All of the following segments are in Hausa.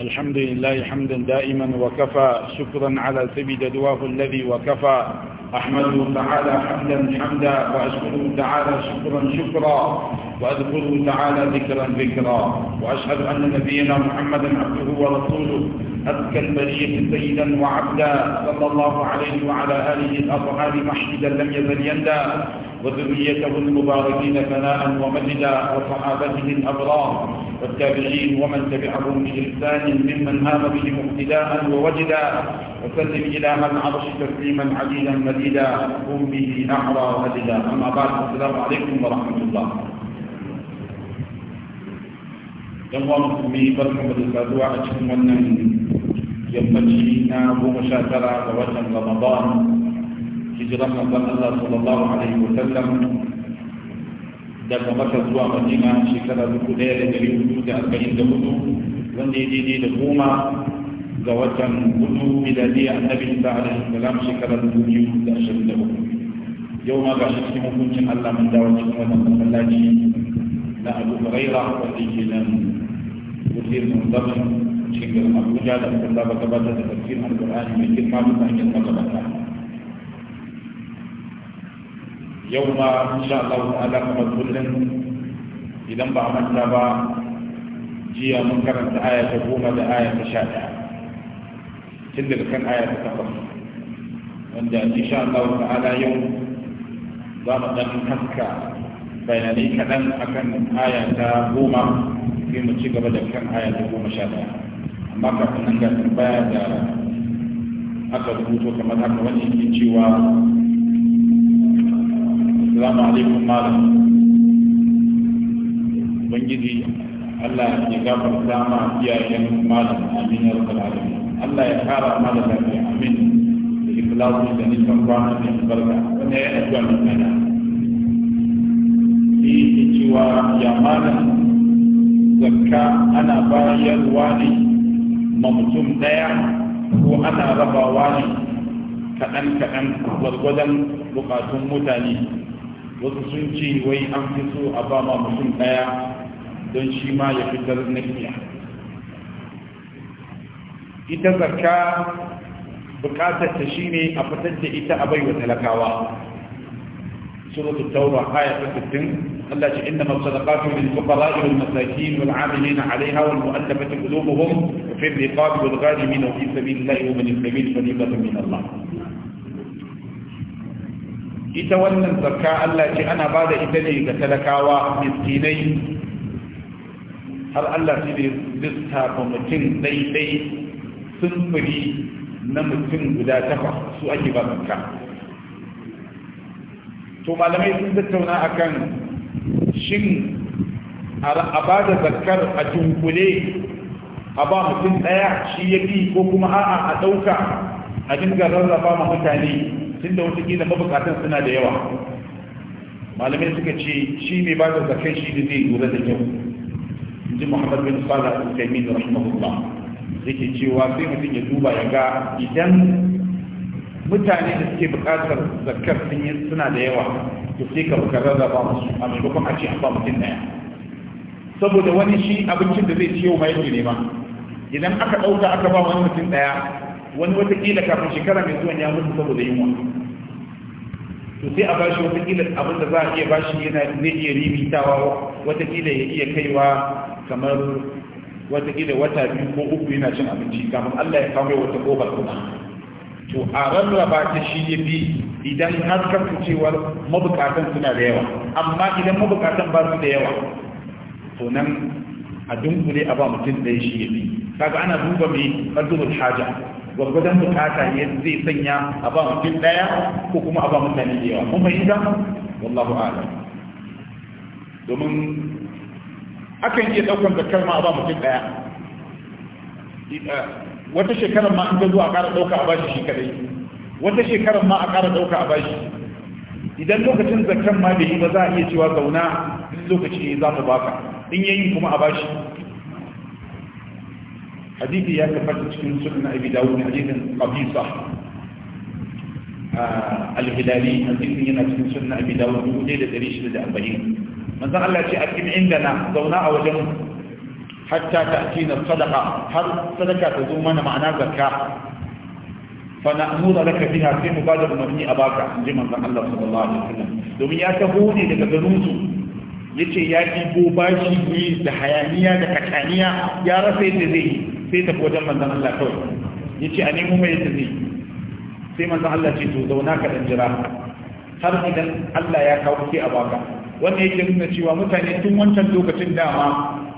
الحمد لله حمدا دائما وكفى شكرا على سبيل دواه الذي وكفى أحمده تعالى حمدا حمدا وأشكره تعالى شكرا شكرا وأذكره تعالى ذكرا ذكرا وأشهد أن نبينا محمدا عبده ورسوله أذكى البرية سيدا وعبدا صلى الله عليه وعلى آله الأطهار محمدا لم يزل يندى وذريته المباركين ثناء ومجدا وصحابته الأبرار والتابعين ومن تبعهم بإحسان ممن هام بهم اقتداء ووجدا وسلم إلى من عرش تسليما عديدا مديدا قم به أعرى مددا أما بعد السلام عليكم ورحمة الله يوم uwa برحمة barkan da أنني يوم cikin wannan yammaci رمضان hijiran manzon Allah sallallahu alaihi wa sallam daga maka zuwa madina shekara dubu ɗaya da dari hudu da arba'in da hudu wanda ya daidai da goma ga watan hudu miladiyya annabi isa alaihi salam shekara dubu da ashirin da hudu yau ma ga shi cikin hukuncin Allah mun dawo cikin wannan masallaci na Abu Huraira wanda yake nan wutar musamman cikin Abuja da kuma gabatar da tafsirin Al-Qur'ani mai girma mutanen magabata. yau ma insha Allah ta'ala kamar kullum idan ba manta ba jiya mun karanta aya ta goma da aya ta sha ɗaya tun daga kan aya ta takwas wanda insha Allah ta'ala yau za mu ɗan haska bayanai kaɗan akan aya ta goma sai mu ci gaba da kan aya ta goma sha ɗaya amma kafin nan ga tambaya da aka rubuto kamar haka wani ke cewa assalamu alaikum malam ubangiji Allah ya gafarta ma iyayen malam amin ya rabbal alamin Allah ya kara malam amin da ikhlasu da barka wanda ya kana shi cewa ya malam zakka ana bayarwa ne ma mutum daya ko ana rabawa ne kaɗan-kaɗan gwargwadon bukatun mutane wasu sun ce wai an fi so a ba ma mutum ɗaya don shi ma ya fitar nakiya ita zakka bukatar ta ne a fitar da ita a baiwa talakawa suratul tauba aya ta 60 Allah ce inna masadaqatu lil fuqara wal masakin wal 'amilin 'alayha wal mu'allafati qulubuhum wa fi riqab wal ghalimin ita wannan zakka Allah ce ana ba da ita ne ga talakawa miskinai har Allah shi ne lissafa mutum daidai sunfuri na mutum guda takwas su ake ba zakka to malamai sun tattauna a kan shin a ba da zakar a tunkule a ba mutum ɗaya shi ya ko kuma a'a a ɗauka a dinga rarraba ma mutane tunda watakila mabukatan suna da yawa malamai suka ce shi mai ba da zakai shi da zai lura da kyau inji muhammad bin salah al-taimin rahimahullah yake cewa sai mutum ya duba ya ga idan mutane da suke bukatar zakar sun yi suna da yawa to sai ka buka rarraba musu a maimakon a ce an ba mutum daya saboda wani shi abincin da zai ciyo ma yake nema idan aka ɗauka aka ba wani mutum daya wani watakila kafin shekara mai zuwan ya mutu saboda yunwa to sai a bashi watakila abin da za a iya bashi yana zai iya rimitawa watakila ya iya kaiwa kamar watakila wata biyu ko uku yana cin abinci kafin Allah ya kawo wata gobar kuma to a rarraba ta shi ya bi idan har cewar mabukatan suna da yawa amma idan mabukatan ba su da yawa to nan a dunkule a ba mutum ɗaya shi ya bi kaga ana duba mai ƙarfin haja gwargwadon bukata yadda zai sanya a ba mutum ɗaya ko kuma a ba mutane da yawa mun fahimta wallahu a'lam domin akan iya ɗaukar da ma a ba mutum ɗaya eh, wata shekarar ma an ta zo a ƙara ɗauka a bashi shi kadai wata shekarar ma a ƙara ɗauka a bashi idan lokacin zakar ma bai yi ba za a iya cewa zauna duk lokaci za mu baka in yayin kuma a bashi حديث يا كفاك تشكين سنة أبي داود حديث قبيصة آه، الهلالي حديث يا كفاك سنة أبي داود وليل الدريش لدى أبيين من ذا الله شيء أكيد عندنا ضوناء وجن حتى تأتينا الصدقة هل صدقة تزومنا معنا زكاة فنأمر لك فيها في مبادرة مبني أباك عندما ذا الله صلى الله عليه وسلم دوم يا كفوني لك ذنوزه يتي يا كي باشي بي دحيانية دكتانية يا رفيد ذي sai tafi wajen manzan Allah kawai ya ce a nemo mai yadda zai sai manzan Allah ce to zauna ka dan jira har idan Allah ya kawo ke a baka wannan yake nuna cewa mutane tun wancan lokacin dama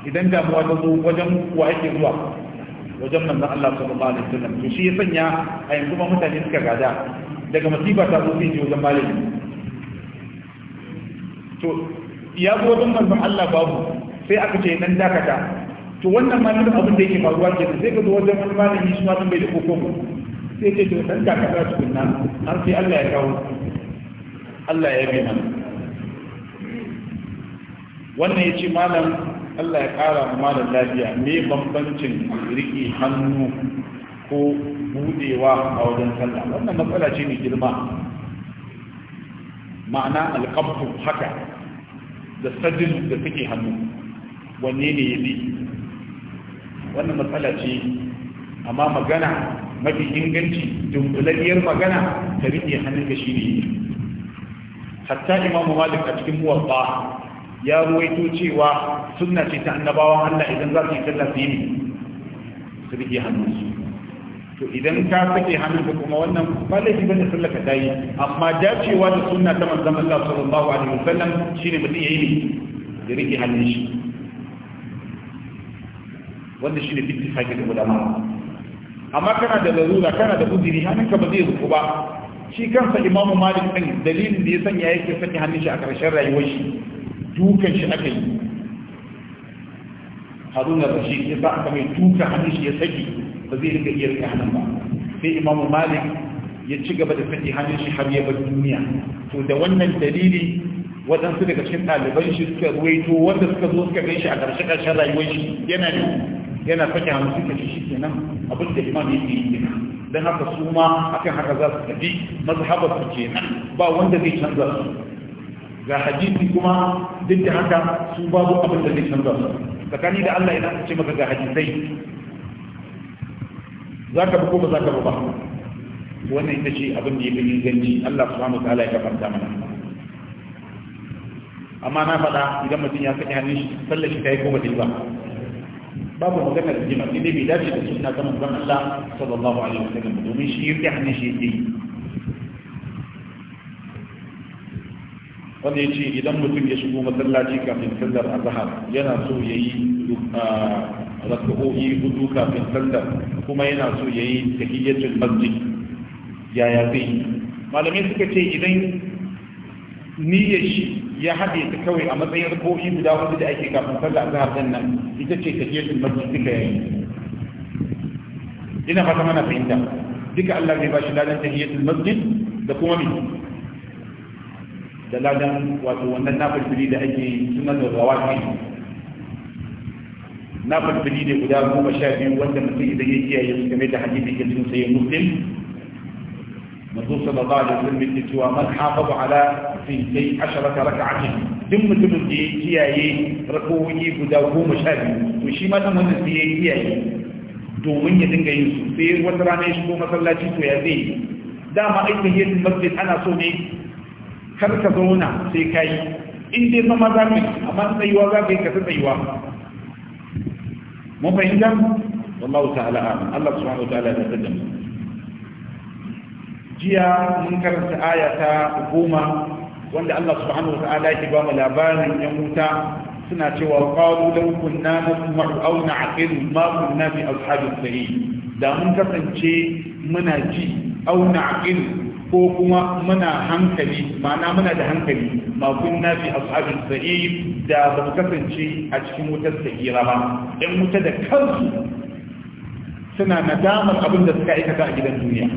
idan damuwa ta zo wajen wa ake zuwa wajen manzan Allah sallallahu alaihi wasallam to shi ya sanya a yanzu ba mutane suka gada daga masifa ta zo sai wajen malami to ya zo wajen manzan Allah babu sai aka ce nan dakata to wannan ma duk abin da yake faruwa ke sai ka zo wajen wani malami shi ma bai da kokon sai ce to dan ka su tukunna har sai Allah ya kawo Allah ya bi mana wannan ya ce malam Allah ya ƙara mu malam lafiya me bambancin riki hannu ko budewa a wajen sallah wannan matsala ce mai girma ma'ana alƙabtu haka da sajin da take hannu wanne ne ya bi wannan matsala ce amma magana mafi inganci dunkulalliyar magana ta riƙe da shi ne hatta imamu malik a cikin muwaffa ya ruwaito cewa sunna ce ta annabawan allah idan za su yi sallah su yi su riƙe hannunsu to idan ka sake hannunka kuma wannan ba laifi bane sallah ka tayi amma dacewa da sunna ta manzon allah sallallahu alaihi wasallam shine mutum yayi ne ya riƙe hannun shi wanda shi ne bitti haƙin ulama amma kana da larura kana da uzuri hannunka ba zai rufu ba shi kansa imamu malik ɗin dalilin da ya sanya yake sanya hannun shi a ƙarshen rayuwar shi dukan shi aka yi haruna rashid ya sa aka mai duka hannun shi ya saki ba zai rika iya rika hannun ba sai imamu malik ya ci gaba da saki hannun shi har ya bar duniya to da wannan dalili waɗansu daga cikin ɗaliban shi suka ruwaito wanda suka zo suka gan shi a ƙarshe ƙarshen rayuwar shi yana ne yana sake hannu suka shi shi kenan abin da imam ke yi kenan dan haka su ma akan haka za su tafi mazhabar su nan. ba wanda zai canza su ga hadisi kuma duk da haka su babu abin da zai canza su tsakani da Allah idan ce maka ga hadisai za ka bi ko ba za ka bi ba wannan ita ce abin da ya fi inganci Allah subhanahu wa ta'ala ya kafarta mana amma na faɗa idan mutum ya saki hannun shi sallar shi ta yi ko ba ta yi ba babu magana da jima sai dai bai dace da sunna ta manzon Allah sallallahu alaihi wasallam domin shi yake hannun shi yake wanda ya ce idan mutum ya shigo masallaci kafin sallar azhar yana so ya yi raka'o'i hudu kafin sallar kuma yana so ya yi tahiyyatul masjid yaya zai malamai suka ce idan niyyar shi ya haɗe ta kawai a matsayin rukoki guda hudu da ake kafin sallar azhar din nan ita ce ta jerin masjid duka yayi ina fata mana fahimta duka Allah zai bashi ladan tahiyatul masjid da kuma mi da ladan wato wannan na nafilfili da ake sunan da Na nafilfili da guda goma sha biyu wanda mutum idan ya kiyaye su game da hadisi ke cikin sayyid muslim manzo sallallahu alaihi wasallam yake cewa man hafazu ala fi asharata rak'atin duk mutumin da ya kiyaye rakawoyi guda goma sha biyu to shi ma dan wannan sai ya kiyaye domin ya dinga yin su sai wata rana ya shigo masallaci to ya zai dama aikin yin masjid ana so ne kar ka zauna sai ka yi in dai zama za ka yi amma tsayuwa za ka yi ka tsayuwa mun fahimta wallahu ta'ala amin Allah subhanahu wa ta'ala ya tsada jiya mun karanta aya ta goma wanda Allah subhanahu wa ta'ala yake ba mu labarin yan wuta suna cewa qalu law kunna nasma'u aw na'qilu ma kunna bi ashabil sahih da mun kasance muna ji aw na'qilu ko kuma muna hankali ma'ana muna da hankali ma kunna fi ashabin sa'id da ba mu kasance a cikin wutar sa'ira ba ɗan wuta da kansu suna nadamar abin da suka aikata a gidan duniya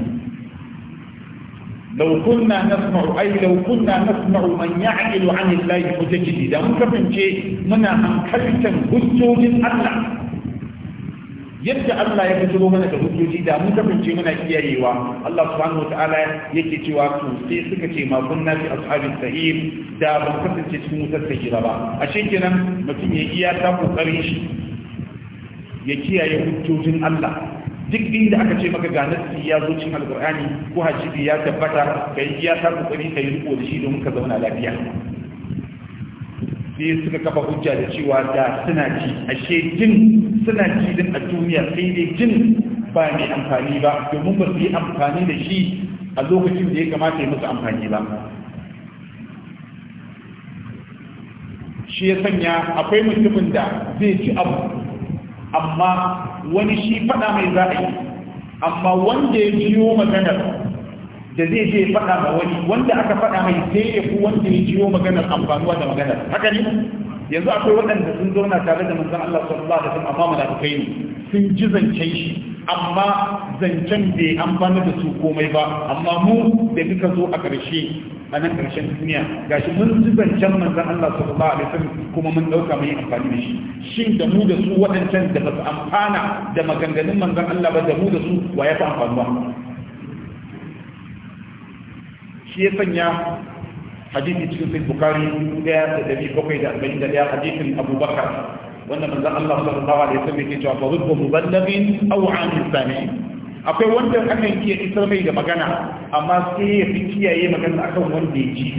لو كنا نسمع أي لو كنا نسمع من يعقل عن الله متجدي ده ممكن شيء منا هنكلتن هجوج الله yadda Allah ya fito mana da hujjoji da mun kasance muna kiyayewa Allah subhanahu wataala yake cewa to sai suka ce ma kunna fi ashabis sahir da ban kasance cikin wutar sahira ba ashe kenan mutum ya iya ta shi ya kiyaye hujjojin Allah duk inda aka ce maka ga nasi ya zo cikin alqur'ani ko hadisi ya tabbata kai ya ta kokari yi riko da shi domin ka zauna lafiya sai suka kafa hujja da cewa da suna ci ashe jin suna ci din a duniya sai dai jin ba mai amfani ba domin ba su yi amfani da shi a lokacin da ya kamata ya musu amfani ba shi ya sanya akwai mutumin da zai ci abu amma wani shi fada mai za amma wanda ya jiyo maganar da zai je fada ma wani wanda aka fada mai sai ya fi wanda ya jiyo maganar amfanuwa da maganar haka ne yanzu akwai waɗanda sun zauna tare da manzon Allah sallallahu alaihi wasallam amma malakai ne sun ji zancen shi amma zancen bai amfana da su komai ba amma mu da duka zo a ƙarshe a nan ƙarshen duniya gashi mun ji zancen manzan Allah sallallahu alaihi wasallam kuma mun ɗauka mun yi amfani da shi shin da mu da su waɗancan da ba su amfana da maganganun manzan Allah ba da mu da su wa ya fi amfanuwa shi ya sanya hadisi cikin sai bukari 1741 hadisin abubakar wanda manzon Allah sallallahu alaihi wasallam yake cewa faruddu muballaghin aw an sami akwai wanda akan ke isar mai da magana amma sai ya fi kiyaye magana akan wanda ya ji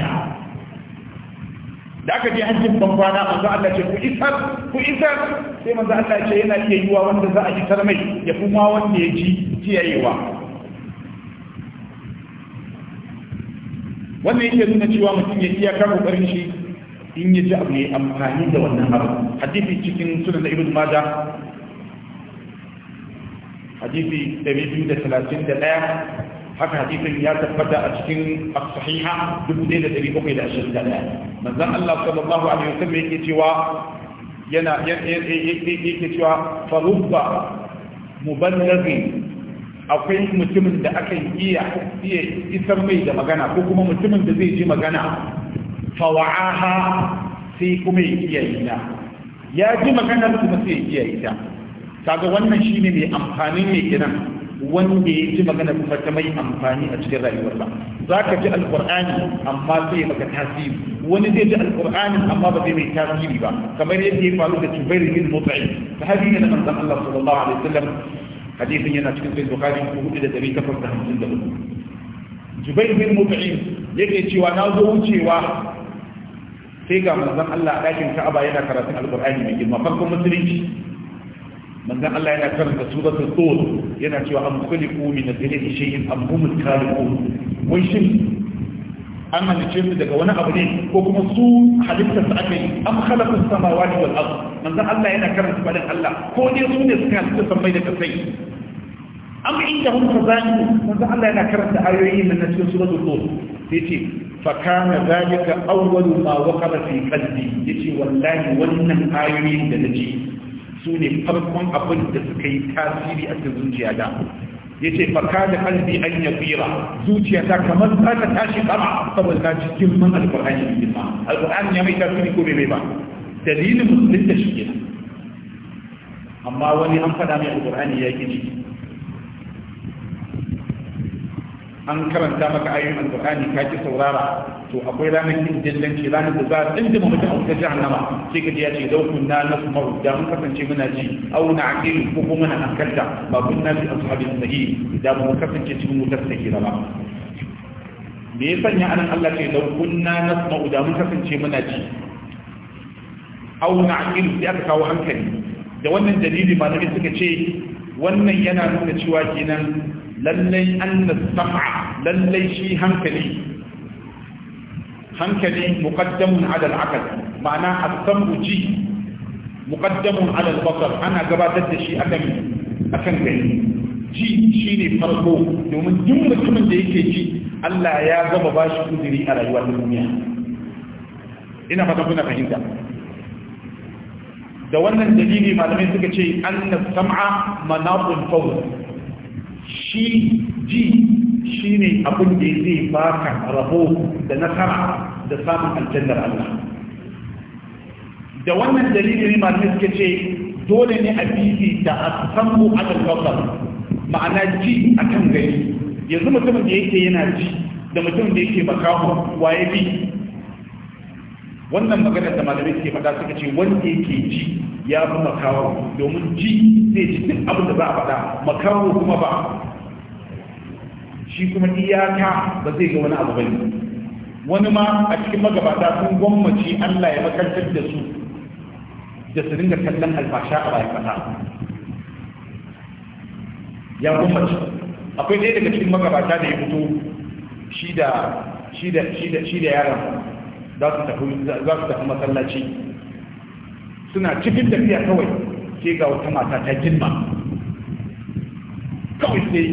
da aka je hajjin ban kwana Allah ce ku isar ku isar sai manzo Allah ce yana iya yiwa wanda za a isar mai ya kuma wanda ya ji kiyayewa wannan yake nuna cewa mutum ya iya kan kokarin shi in ya ji abu ya amfani da wannan abu hadisi cikin sunan da ibn majah hadisi 231 haka hadisin ya tabbata a cikin as-sahiha 1721 manzon Allah sallallahu alaihi wasallam yake cewa yana yake cewa farubba muballighi akwai mutumin da akan iya iya isar mai da magana ko kuma mutumin da zai ji magana fawa'aha sai kuma ya kiyaye ta ya ji maganar kuma sai ya kiyaye ta kaga wannan shine mai amfani ne kiran wanda ya ji magana kuma ta mai amfani a cikin rayuwarsa za ka ji alkur'ani amma sai maka tasiri wani zai ji alkur'ani amma ba zai mai tasiri ba kamar yadda ya faru da jubair bin mut'im sahabi ne na manzon Allah sallallahu alaihi wasallam hadisin yana cikin sahih bukhari 4854 jubair bin mut'im yake cewa na zo wucewa sai ga manzon Allah a ɗakin Ka'aba yana karatun Alƙur'ani mai girma farkon musulunci manzon Allah yana karanta suratul Tur yana cewa am khuliqu min al-ilahi shay'in am hum al-khaliqun wai shin an halice su daga wani abu ne ko kuma su halittar su aka yi am khalaqa as-samawati wal ard manzon Allah yana karanta fadin Allah ko dai su ne suka halitta sammai da kasai am indahum khaza'in manzon Allah yana karanta ayoyin nan na cikin suratul Tur yace fa kana zalika awwalu ma waqara fi qalbi yace wallahi wannan ayoyin da naji su ne farkon abin da suka yi tasiri a cikin zuciya da yace fa kana qalbi an yafira zuciya ta kamar za ta tashi kama. saboda ta cikin man alqur'ani ne ma alqur'ani ya mai tasiri ko bai ba dalilin musulunta shi kenan amma wani an faɗa mai alqur'ani ya ki an karanta maka ayoyin alqur'ani ka ki saurara to akwai ranar kin dillanci ranar da za a tsinda mu mutum ta jahannama sai ka ji ya ce lau kunna nasma'u da mun kasance muna ji au na aqilu ko kuma na hankalta ba kunna bi ashabin sahi. da mun kasance cikin wutar sahira ba me ya sanya anan Allah ce lau kunna na nasma'u da mun kasance muna ji au na aqilu sai aka kawo hankali da wannan dalili malamai suka ce wannan yana nuna cewa kenan lallai anna sam'a lallai shi hankali hankali muqaddamun ala al ma'ana as-sam'u ji muqaddamun ala al-basar ana gabatar da shi akan akan gani ji shine farko domin duk mutumin da yake ji Allah ya gaba bashi kudiri a rayuwar duniya ina fata kuna fahimta da wannan dalili malamai suka ce annas sam'a manaqul fawz shi ji shi ne abin da zai baka rabo da nasara da samun aljannar Allah da wannan dalili ne ce dole ne a bibi da a samu adal kawar ma'ana ji a kan gari yanzu mutumin da yake yana ji da mutumin da yake makaho waye bi wannan maganar da malamai suke faɗa suka ce wanda yake ji ya fi makawa domin ji zai ji duk abin da za a faɗa makawa kuma ba shi kuma iyaka ba zai ga wani abu bane wani ma a cikin magabata sun gwammaci Allah ya makantar da su da su dinga kallon alfasha a bayan fata ya gwammaci akwai ɗaya daga cikin magabata da ya fito shi da shi da shi da yaran za su tafi masallaci suna cikin tafiya kawai sai ga wata mata ta girma kawai sai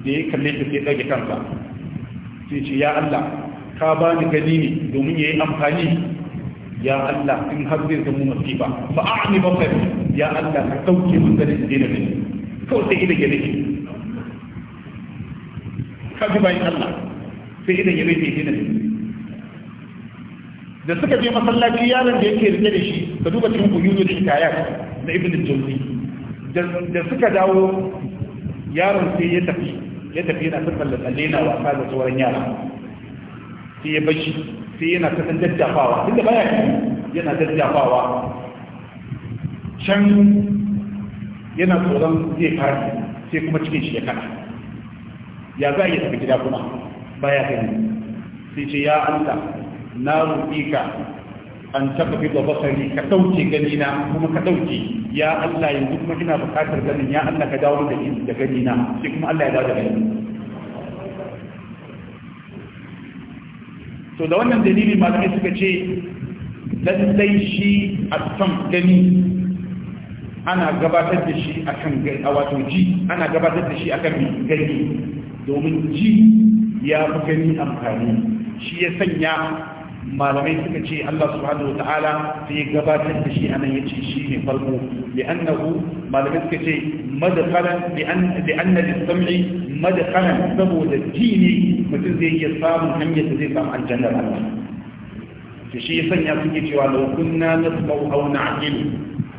da ya kalle ta sai ɗage kansa sai ce ya Allah ka ba ni gani ne domin ya yi amfani ya Allah in har zai zama masifa ba a ne ba kai ya Allah ka ɗauke mun ganin da daina gani kawai sai idan ya rage ka ji bayan Allah sai idan ya rage daina gani da suka je masallaci yaron da yake rike da shi ka duba cikin kuyuyu da hikayat da ibn jawzi da suka dawo yaron sai ya tafi ya tafi yana ta tsalle tsalle na wasa da sauran yara sai ya bashi sai yana ta san daddafawa inda baya yana daddafawa can yana tsoron zai fara sai kuma cikin shi ya kana ya za a iya tafi gida kuma baya gani sai ce ya Allah na roƙi ka an taɓa fi basari ka ɗauke ganina kuma ka ɗauke ya Allah yanzu kuma kina buƙatar ganin ya Allah ka dawo da da ganina sai kuma Allah ya dawo da ganin to da wannan dalili malamai suka ce lallai shi a san gani ana gabatar da shi akan a wato ji ana gabatar da shi akan gani domin ji ya fi gani amfani shi ya sanya malamai suka ce Allah subhanahu wata'ala sai gabatar da shi a nan ya yace shi ne farko li'annahu malamai suka ce madkhalan li'anna lis-sam'i madkhalan saboda ji ne mutum zai iya samun hanyar da zai samu aljanna ba. Da shi sanya suke cewa law kunna nasma'u aw na'qilu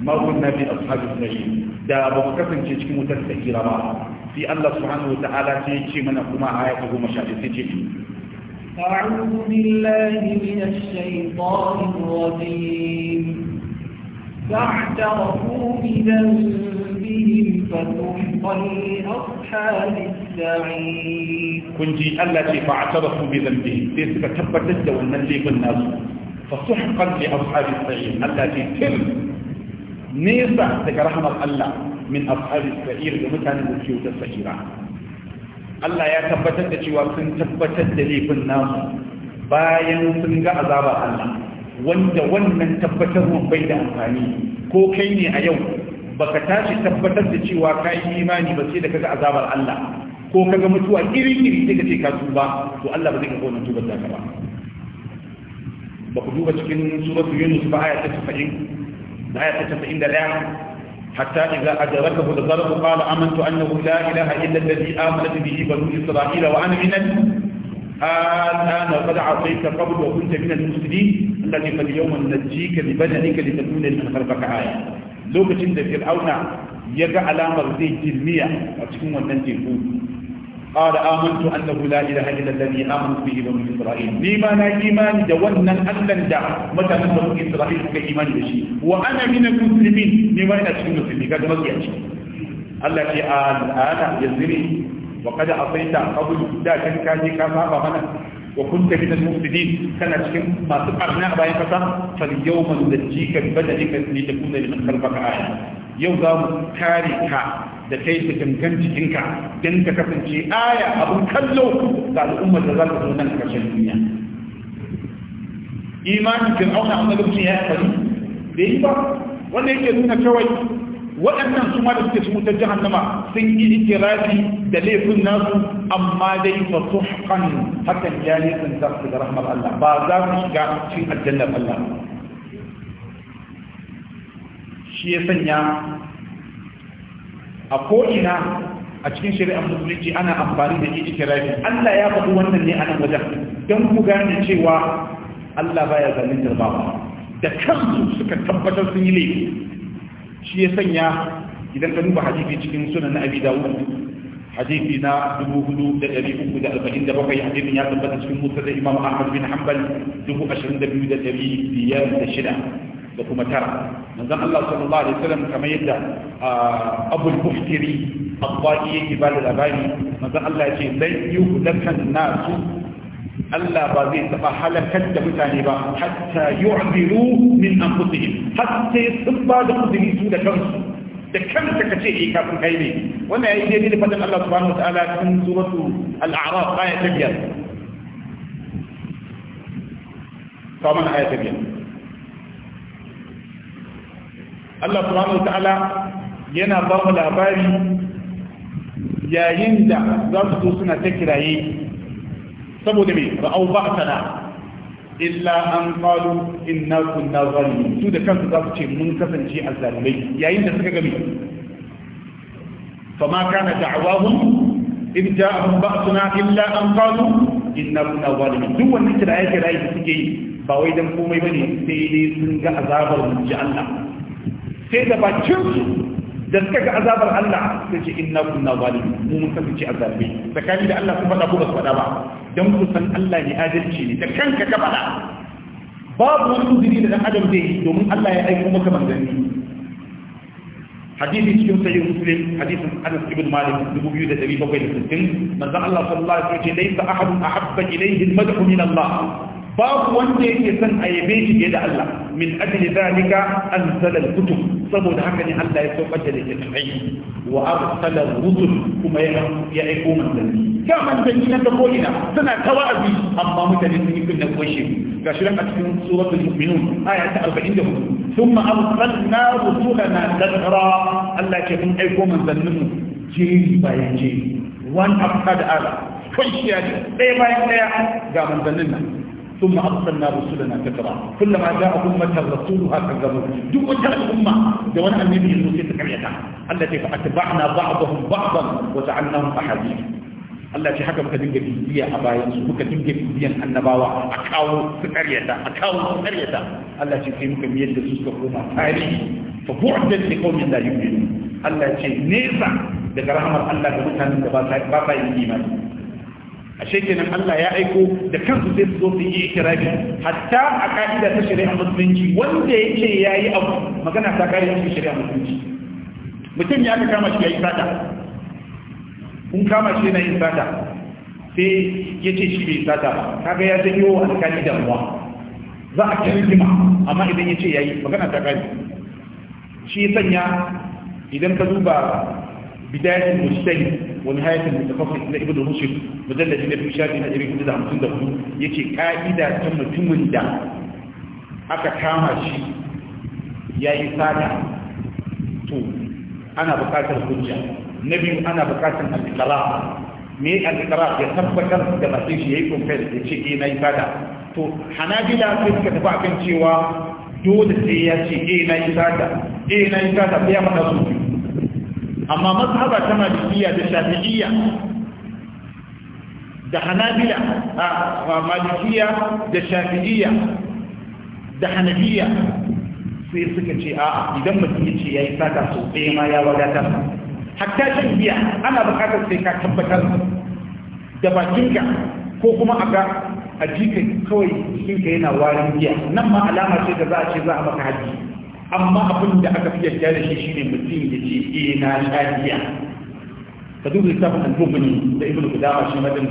ma kunna bi ashabis sa'ir da ba mu kasance cikin wutar sa'ira ba sai Allah subhanahu wata'ala sai ya ce mana kuma a aya ta 11 sai ce أعوذ بالله من الشيطان الرجيم فاعترفوا بذنبهم فسحقا لأصحاب السعير كنت التي فاعترفوا بذنبهم ليس تبتت والنبي بالناس فسحقا لأصحاب السعير التي تم نيسا ذكرها الله من أصحاب السعير ومتى نبكي السعيرات Allah ya tabbatar da cewa sun tabbatar da laifin namu bayan sun ga azaba Allah wanda wannan tabbatarwa bai da amfani ko kai ne a yau baka tashi tabbatar da cewa ka yi imani ba sai da kaga azabar Allah ko kaga mutuwa iri-iri sai ka ce ka tuba to Allah ba zai ka kona tubar da ba ba ku duba cikin suratul Yunus ba aya ta 90 da aya ta 91 حتى إذا أدركه الغرب قال آمنت أنه لا إله إلا الذي آمنت به بنو إسرائيل وأنا من الآن قد عصيت قبل وكنت من المسلمين الذي فاليوم ننجيك ببدنك لتكون لمن خلفك آية لوكتين da Fir'auna ya ga alamar zai jirmiya a cikin wannan teku قال آمنت أنه لا إله إلا الذي آمنت به بنو إسرائيل لما لا إيمان دولنا أن دع متى من بنو إسرائيل كإيمان بشيء وأنا من المسلمين لما أنا أشكر المسلمين قد مضي أشكر الله في آل آل يزري وقد أعطيت قبل دا كان كاجي كما فهنا وكنت من المفسدين كان أشكر ما تبقى أبناء باين فاليوم ننجيك ببدنك لتكون لمن خلفك آية yau za mu kare ka da kai da gangan jikinka don ka kasance aya abin kallo ga al'ummar da za ka zo nan ƙarshen duniya imanin fir'auna a lokacin ya kari da yi ba wanda yake nuna kawai waɗannan su ma da suke cikin jahannama sun yi ikirari da laifin nasu amma dai fa tuhqan hakan ya nisan da rahmar Allah ba za su shiga cikin aljannar Allah shi ya sanya a ko'ina a cikin shari'ar musulunci ana amfani da ikirafi Allah ya faɗi wannan ne a nan wajen don ku gane cewa Allah baya zalintar babu da kansu suka tabbatar sun yi laifi shi ya sanya idan ka duba hadisi cikin sunan na Abi Dawud hadisi na 4347 hadisin ya tabbata cikin da Imam Ahmad bin Hanbal 22506 da kuma tara manzon Allah sallallahu alaihi wasallam kamar yadda Abu al-Bukhari Abbaqi yake ba da labari manzon Allah ya ce lan yuhlakan nasu Allah ba zai taba halakar da mutane ba hatta yu'biru min anfusihim hatta sun ba da kudiri su da kansu da kanka ka ce eh kafin kai ne wannan yayi daidai da fadin Allah subhanahu wataala cikin suratu al-a'raf aya ta biyar kamar aya ta biyar Allah subhanahu ta'ala yana ba mu labari yayin da za su zo suna ta kiraye saboda me ra'au ba'tana illa an qalu inna kunna zalimin su da kansu za su ce mun kasance a azzalimai yayin da suka gami fama kana da'awahum in ja'ahum ba'tuna illa an qalu inna kunna zalimin duk wanda kiraye kiraye da suke yi ba wai dan komai bane sai dai sun ga azabar mu ji Allah sai da bakinsu da suka ga azabar Allah sai ce inna kunna zalimin mu mun san ce azabe, tsakani da Allah sun faɗa ko ba su faɗa ba dan ku san Allah ne adalci ne da kanka ka faɗa babu wani uzuri da dan adam zai yi domin Allah ya aika maka manzanni hadisi cikin sahih muslim hadisin Anas ibn Malik 2760 manzon Allah sallallahu alaihi wasallam ce laysa ahadun ahabba ilayhi al-madhu min Allah babu wanda yake son a yabe shi da Allah min ajli zalika anzala al-kutub saboda haka ne Allah ya saukar da littattafai wa arsala rusul kuma ya ya aiko manzanni ga manzanni na ta ko'ina suna ta wa'azi amma mutane sun yi kun da koshe gashi nan a cikin suratul mu'minun aya ta 44 thumma arsalna rusulana tadra Allah ke kun aiko manzanninmu jeri bayan jeri one after the other ya ce ɗaya bayan ɗaya ga manzannin nan ثم أرسلنا رسلنا كثرا كلما جاء أمة رسولها كذبوا دو وجه الأمة دون أن نبي المسيح كريتا التي فأتبعنا بعضهم بعضا وجعلناهم أحاديث Allah ce haka muka dinga bibiya a bayan su muka dinga bibiyan annabawa a kawo su karyata a kawo su karyata Allah ce sai muka miyar da su suka koma tarihi Allah ce nesa daga rahmar Allah ga mutane da ba sa ashe kenan Allah ya aiko da kansu sai su zo su yi ikirabi hatta a ka'ida ta shari'a musulunci wanda ya ce ya yi abu magana ta kare cikin shari'a musulunci mutum ya kama shi ya yi sata kun kama shi na yin sata sai ya ce shi bai sata ba kaga ya zai yiwo alkali damuwa za a kiri jima amma idan ya ce ya yi magana ta kare shi sanya idan ka duba bidayatul mustahil ونهاية المتفقد من ابن رشد مجلد النبي شافي نجري في تدعم سنده يكي قائدة ثم تمن دا أكا كاما شي يا إسادة تو أنا بقاتل الحجة نبي أنا بقاتل الإقرار me al-iqrar ya tabbatar da bakin shi yayi confess ya ce eh nayi fada to hanabila sai suka tafi akan cewa dole sai ya ce eh ya amma mazhaba ta malikiya da shafi'iyya da hanabila a malikiya da shafi'iyya da hanabiya sai suka ce a idan mutum ya ce ya yi sata sau ɗaya ma ya wadatar hatta shan giya ana bukatar sai ka tabbatar da bakinka ko kuma a ga a jika kawai jikinka yana warin giya nan ma alama ce da za a ce za a maka hajji. amma abin da aka fi yarda da shi ne mutum ya ce eh na sha giya ka duba littafin al-mubni da ibn qudama shi madan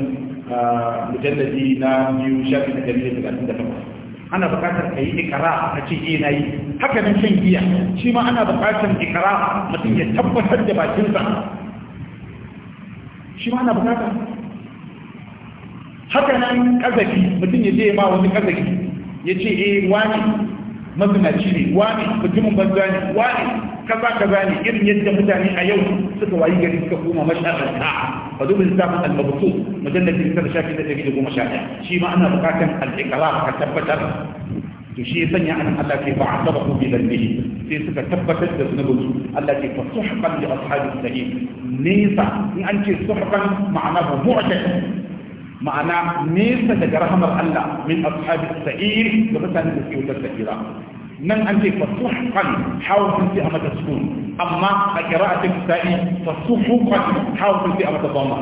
mujalladi na biyu shafi na dari da talatin da takwas ana buƙatar ka yi ikara ka ce eh na yi haka nan shan giya shi ma ana buƙatar ikara mutum ya tabbatar da bakinsa shi ma ana buƙatar haka nan kazafi mutum ya je ya ba wani kazafi ya ce eh wani mazinaci ne wani mutumin banza ne wani kaza kaza ne irin yadda mutane a yau suka wayi gari suka koma mashaƙarta fa dubu lissafin al-mabtu mujallad bin sada shafi da ɗari da goma sha ɗaya shi ma ana buƙatar al-iqrar ka tabbatar to shi ya sanya an Allah ke ba'ataba ku bi dhanbihi sai suka tabbatar da zunubin su Allah ke fa suhban li ashabi sahih nisa in an ce suhban ma'ana mu'tad معنى نيل تجرهم الله من أصحاب السعير لبسان في السعيرة نن أنت فصحقا حاول أنت أما تسكن أما أجراءة السعير فصحقا حاول أنت أما تضمع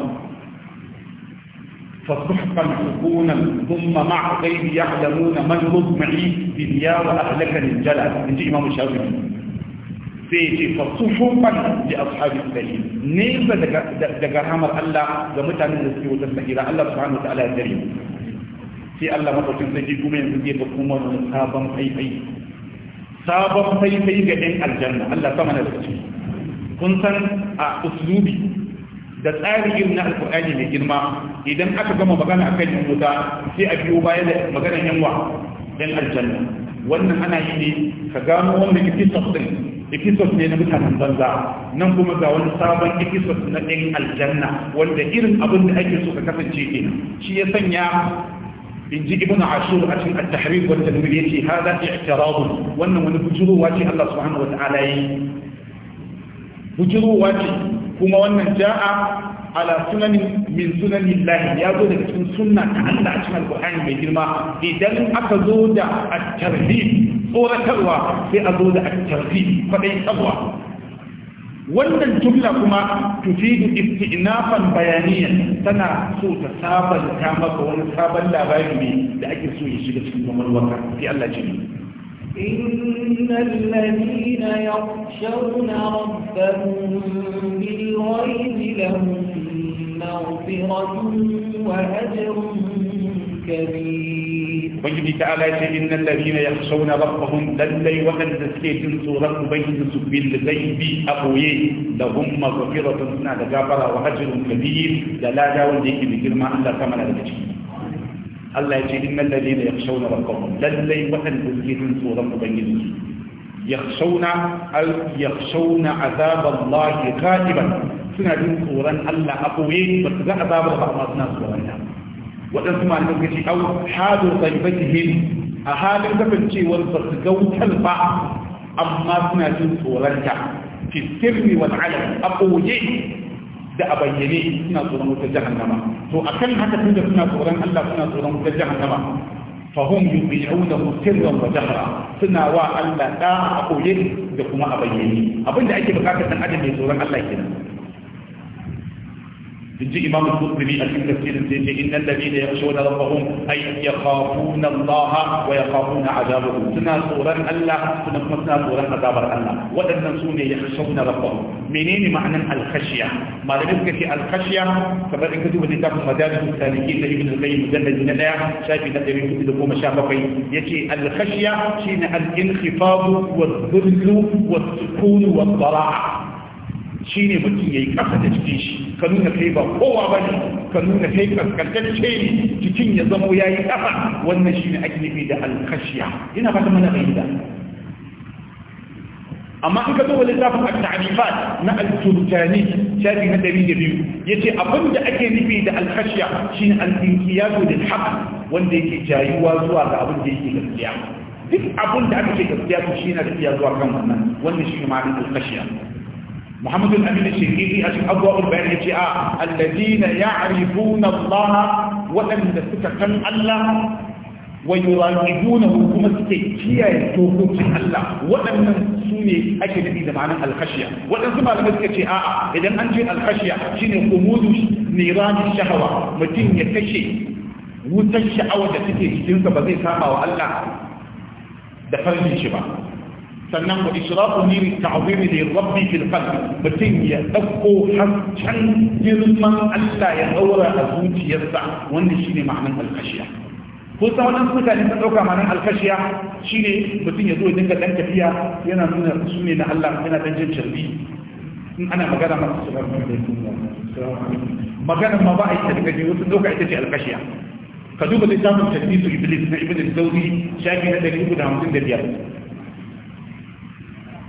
فصحقا سكونا ثم مع غير يعلمون من مضمعي بنيا وأهلك الجلال انت إمام الشاوية sai ce fasufufan da ashabin sahi nesa daga rahamar Allah ga mutanen da suke wutar sahira Allah subhanahu wa ta'ala ya dare sai Allah madaukin ji kuma yanzu zai ga kuma sabon faifai sabon faifai ga ɗin aljanna Allah sama na daga kun san a uslubi da tsari irin na alkur'ani mai girma idan aka gama magana akan yan wuta sai a biyo baya da maganar yanwa ɗan aljanna wannan ana yi ne ka gano wanda kake tafsirin episos ne na mutanen banza nan kuma ga wani sabon episos na ɗin aljanna wanda irin abin da ake so ka kasance ne shi ya sanya in ji ibn ashur a cikin at-tahrir wa at-tanwir yace hada i'tirad wannan wani bujuru ce Allah subhanahu wa ta'ala yi bujirowa ce kuma wannan ja'a ala sunanin min sunanin lahi ya zo daga cikin sunna ta Allah a cikin alƙur'ani mai girma idan aka zo da at-tarhib tsoratarwa sai a zo da at-tarhib fadai tsabwa wannan jumla kuma tufidu istinafan bayaniya tana so ta sabanta maka wani sabon labari ne da ake so ya shiga cikin mamarwaka sai Allah ji إن الذين يخشون ربهم بالغيب لهم مغفرة وأجر كبير وجب تعالى إن الذين يخشون ربهم للي وقد تسكيت سورة بين سب بالغيب أبوي لهم مغفرة سنة جابرة وأجر كبير للا لا ونديك بكلمة أن لا ثمن لك الله يجيب ما الذين يخشون ربهم للي وهن بذلهم صورة مبينة يخشون أو يخشون عذاب الله غائبا سنة صورة ألا أقوي بس عذاب الله ما سنة صورة وإن سمع المسكتي أو حاد طيبتهم أحال تبتشي وانفرت قوت الباع أما سنة صورة في السر والعلم أقوي da a bayyane suna tsoron wutar jahannama to akan haka tunda suna tsoron Allah suna tsoron wutar jahannama fahum yubi'unahu da wa jahra suna wa Allah da a koye da kuma a bayyane abinda ake bukatar dan adam mai tsoron Allah kenan inji imamu al-qurtubi a cikin tafsirin sai ce innal ladina yakhshawna rabbahum ay yakhafuna Allah wa yakhafuna azabahu suna tsoron Allah suna kuma suna tsoron azabar Allah waɗannan su ne yakhshawna rabbahum menene ma'anan al-khashiya malamin suka ce al-khashiya kamar in ka duba littafin madarijus salikin da ibn al-qayyim mujallad na daya shafi na al shine al wa dhullu wa wa shi ne mutum ya yi ƙasa da cikin shi ka nuna kai ba kowa ba ne ka nuna kai kaskantacce ne cikin ya zamo ya yi ƙasa wannan shi ne ake nufi da alkashiya ina fata mana bai da amma in ka zo wa littafin at-ta'rifat na al-turjani shafi na ya ce abin da ake nufi da al-khashya shine al-inqiyadu lil haka wanda yake jayuwa zuwa ga abin da yake gaskiya duk abin da ake gaskiya to shi na tafiya zuwa kan wannan wannan shi ne ma'anar al-khashya محمد الأمين الشنقيطي أشهد أبواء البيان يتي الذين يعرفون الله وأن تتكن الله ويراقبونه كما تكيا يتوقف الله وأن سوني أجل إذا معنى الخشية وأن سمع لما تكتي إذا أنت الخشية شين قمود نيران الشهوة متين يكشي وتشعوة تكي شتنسى بذي سامة وألا دفرني شبه sannan wa israfu niri ta'zimi li rabbi fil qalbi mutum ya dauko hasken girman Allah ya daura a zuciyarsa wanda shine ma'anar al-khashiya ko sa wannan mutane sun dauka ma'anar al-khashiya shine mutum ya zo ya dinga dan tafiya yana nuna sune na Allah yana dan jin charbi in ana magana masu shirar magana ma ba a yi ta daga jiyo sun dauka ita ce al-khashiya ka duba littafin tadbisu iblis na ibn al-zawri shafi na 355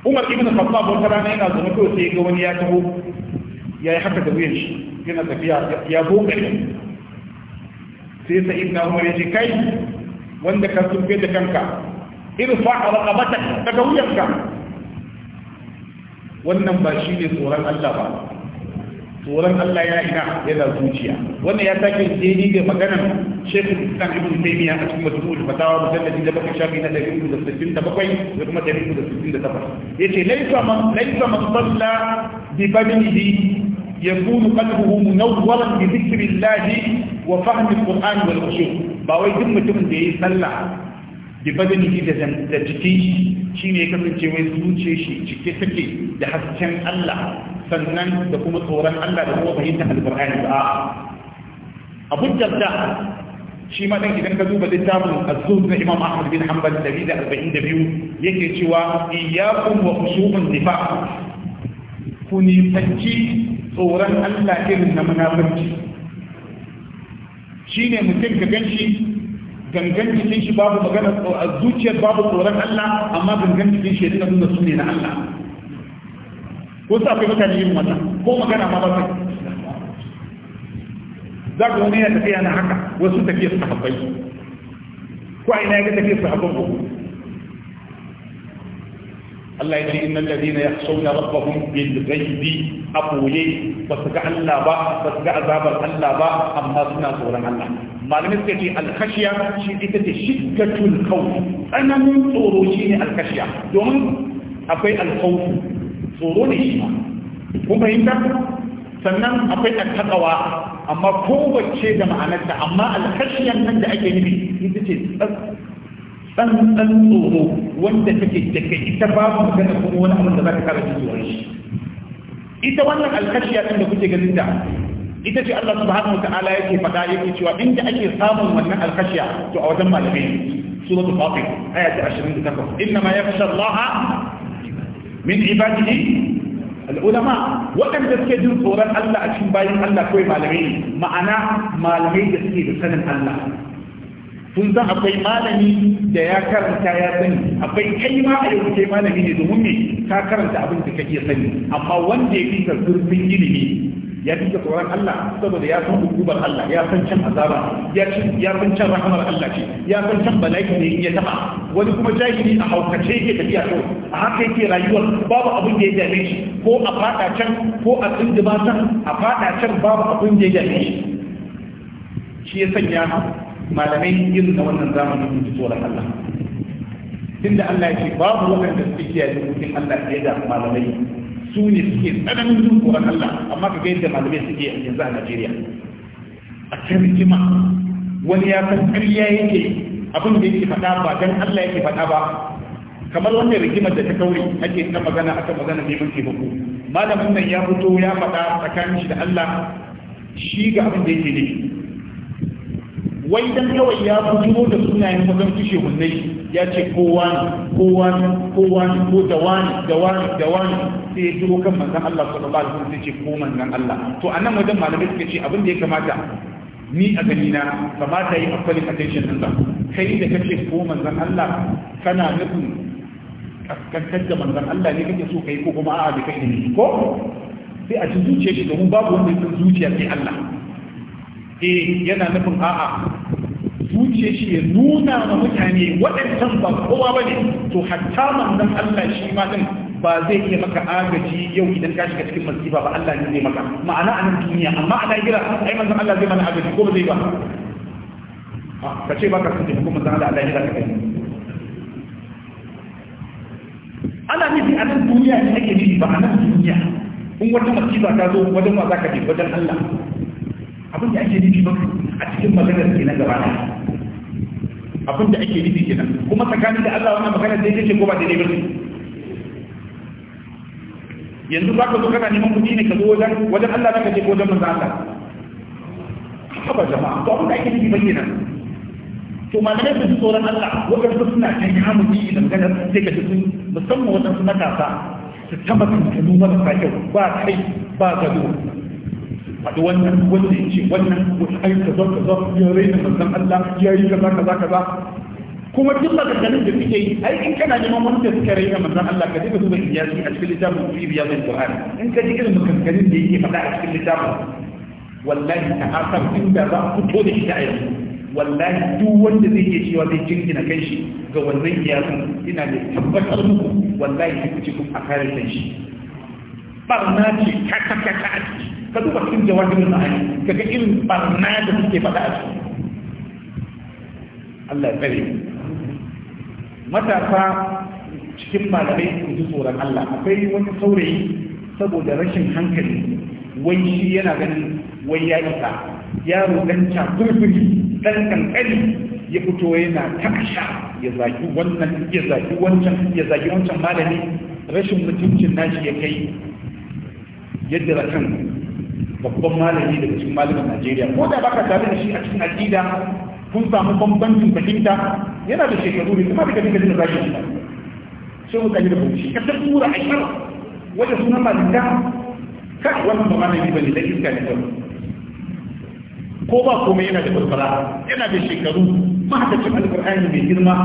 umar ibn khattab wata rana yana zama kawai sai ga wani ya taho ya yi haka da wuyan shi yana tafiya ya boka ne sai sai ibn umar ya kai wanda ka sunfe da kanka irfa raqabatak daga wuyanka wannan ba shi ne tsoron Allah ba tsoron Allah ya ina yana zuciya wannan ya sake daidai da maganar Sheikh Islam Ibn Taymiyyah a cikin majmu'ul fatawa mujalladi da bakwai shafi na ɗari da da bakwai kuma ɗari da da yace laisa man laisa man salla bi badnihi yakunu qalbuhu munawwaran bi dhikrillah wa fahmi alquran wal khushu ba wai duk mutum da yayi sallah bi badnihi da jikin shi ne kasance mai zuce shi cike take da hasken Allah sannan da kuma tsoron Allah da kuma fahimtar alƙur'ani ba abu jarda shi ma dan idan ka duba littafin az-zuhd na Imam Ahmad bin Hanbal da da yake cewa iyyakum wa khushu'un nifaq ku nisanci tsoron Allah irin na Shi shine mutum ka ganshi gangan jikin shi babu magana a zuciyar babu tsoron Allah amma gangan jikin shi yana nuna sune na Allah ko sa akwai mutane yin wannan ko magana ma ba su za ka wani ya tafiya na haka wasu tafiyar sahabbai ko a ina ya ga tafiyar sahabban ko Allah ya ce innal ladina yakhshawna rabbahum bil ghaibi abuye ba su ga Allah ba ba su ga azabar Allah ba amma suna tsoron Allah malamin suka ce alkashiya shi ita ce shiddatul khawf tsananin tsoro shine alkashiya domin akwai alkhawf tsoro ne shi ma kun fahimta sannan akwai attaqawa amma kowace da ma'anarta amma alkashiyan nan da ake nufi ita ce ɗan ɗan tsoro wanda take da kai ita babu magana kuma wani abin da za ka kara jin tsoron shi ita wannan alkashiya ɗin da kuke ganin ta ita ce Allah subhanahu wa ta'ala yake faɗa yake cewa inda ake samun wannan alkashiya to a wajen malamai suratul fatir aya ta 28 inna ma yakhsha Allah min ibadihi al'ulama waɗanda suke jin tsoron Allah a cikin bayan Allah kawai malamai ne ma'ana malamai da suke da sanin Allah kun san akwai malami da ya karanta ya sani akwai kai ma a yau kai malami ne domin me ka karanta abin da kake sani amma wanda ya fi ka zurfin ilimi ya fi ka tsoron Allah saboda ya san hukumar Allah ya san can azaba ya san ya san can rahamar Allah ce ya san can bala'i ne ya taba wani kuma jahili a haukace yake tafiya to a haka yake rayuwar babu abin da ya dame shi ko a fada can ko a tsindima can a fada can babu abin da ya dame shi shi ya sanya malamai irin na wannan zamanin sun ji tsoron Allah tunda Allah ya ce babu wanda suke kiyaye dokokin Allah fiye da malamai su ne suke tsananin jin tsoron Allah amma ka ga yadda malamai suke yanzu a Najeriya a kan rigima wani ya san ƙarya yake abin da yake faɗa ba dan Allah yake faɗa ba kamar wannan rigimar da ta kauri ake ta magana aka magana neman taimako malamin nan ya fito ya faɗa tsakanin shi da Allah shi ga abin da yake ne. wai dan kawai ya fito da sunayen wajen tushe hunnai ya ce kowa ne kowa ne kowa ne ko da wani da wani da wani sai ya jiro kan manzon Allah sallallahu alaihi wasallam sai ce ko manzon Allah to anan wajen malamai suka ce abin da ya kamata ni a gani na kamata yi akwai attention din ka kai da kace ko manzon Allah kana nufin kaskantar da manzon Allah ne kake so kai ko kuma a'a da kai ne ko sai a ci zuciya shi domin babu wanda ya san zuciya sai Allah eh yana nufin a'a zuciya shi ya nuna ma mutane waɗancan ba kowa ba ne to hatta manzon Allah shi ma din ba zai iya maka agaji yau idan ka shiga cikin masifa ba Allah ne zai maka ma'ana a nan duniya amma a lahira ai manzon Allah zai mana agaji ko ba zai ba ah, ka ce ba ka sun taimako kuma zana da lahira ka kai ana nufi a nan duniya ne ake nufi ba a nan duniya in wata masifa ta zo wajen ma za ka je wajen Allah abin da ake nufi mafi a cikin maganar nan gaba ne abin da ake nufi kenan kuma tsakanin da Allah wannan maganar da yake ko ba daidai ba yanzu za ka zo kana neman kuɗi ne ka zo wajen wajen Allah za ka je wajen manzo Allah haba jama'a to abin da ake nufi ba kenan to da su tsoron Allah su suna kan hamuni da maganar sai ka ji sun musamman waɗansu matasa su tabbatar da nuna marasa kyau ba kai ba gado faɗi wannan wanda ya ce wannan wani ai kaza kaza ya raina mazan Allah ya yi kaza kaza kaza kuma duk maganganun da suke yi ai in kana neman wani da suka raina mazan Allah ka duka duba iyasi a cikin littafin su ibiya mai Qur'an in ka ji irin maganganun da yake faɗa a cikin littafin wallahi ta'asar inda za ku fito da shi a yanzu wallahi duk wanda zai iya cewa zai jingina kanshi ga wannan iyasin ina da tabbatar muku wallahi ku ci kun a kare shi barna ce a ciki ka duba cikin jawabin ma'ani kaga irin barna da suke faɗa a ciki Allah ya tsare matasa cikin malamai su ji tsoron Allah akwai wani saurayi saboda rashin hankali wai shi yana ganin wai ya isa yaro dan cakurbiri dan kankani ya fito yana takasha ya zaki wannan ya zaki wancan ya zaki wancan malami rashin mutuncin nashi ya kai yadda da kan babban malami daga cikin malamin Najeriya ko da baka tare da shi a cikin aqida kun samu bambancin fahimta yana da shekaru ne kuma daga cikin da zaki sai mu kaji da shi ka tura a shar wajen sunan malinta ka wannan ba malami bane da iska ne kawai ko ba komai yana da barbara yana da shekaru mahaddacin alqur'ani mai girma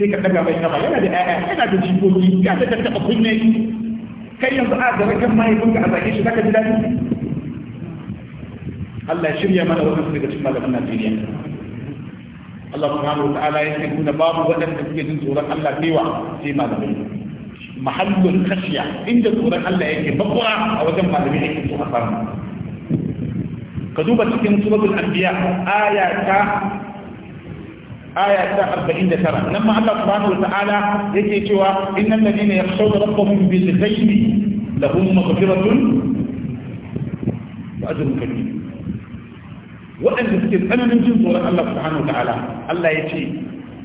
sai ka daga mai kama yana da ƴaƴa yana da jikoki ya ta taɓa kunne kai yanzu a gaba kan mahaifinka a zage shi zaka ji daɗi Allah ya shirya mana wannan daga cikin malaman Najeriya Allah subhanahu wa ta'ala ya nuna babu waɗanda suke jin tsoron Allah kaiwa sai malamai mahallul khashiya inda tsoron Allah yake babbura a wajen malamai yake tsoron ka duba cikin suratul anbiya aya ta aya ta 49 nan ma Allah subhanahu wataala yake cewa innal ladina yakhshawna rabbahum bil ghaibi lahum maghfiratun wa ajrun kabir waɗanda suke tsananin jin tsoron Allah subhanahu wataala Allah ya ce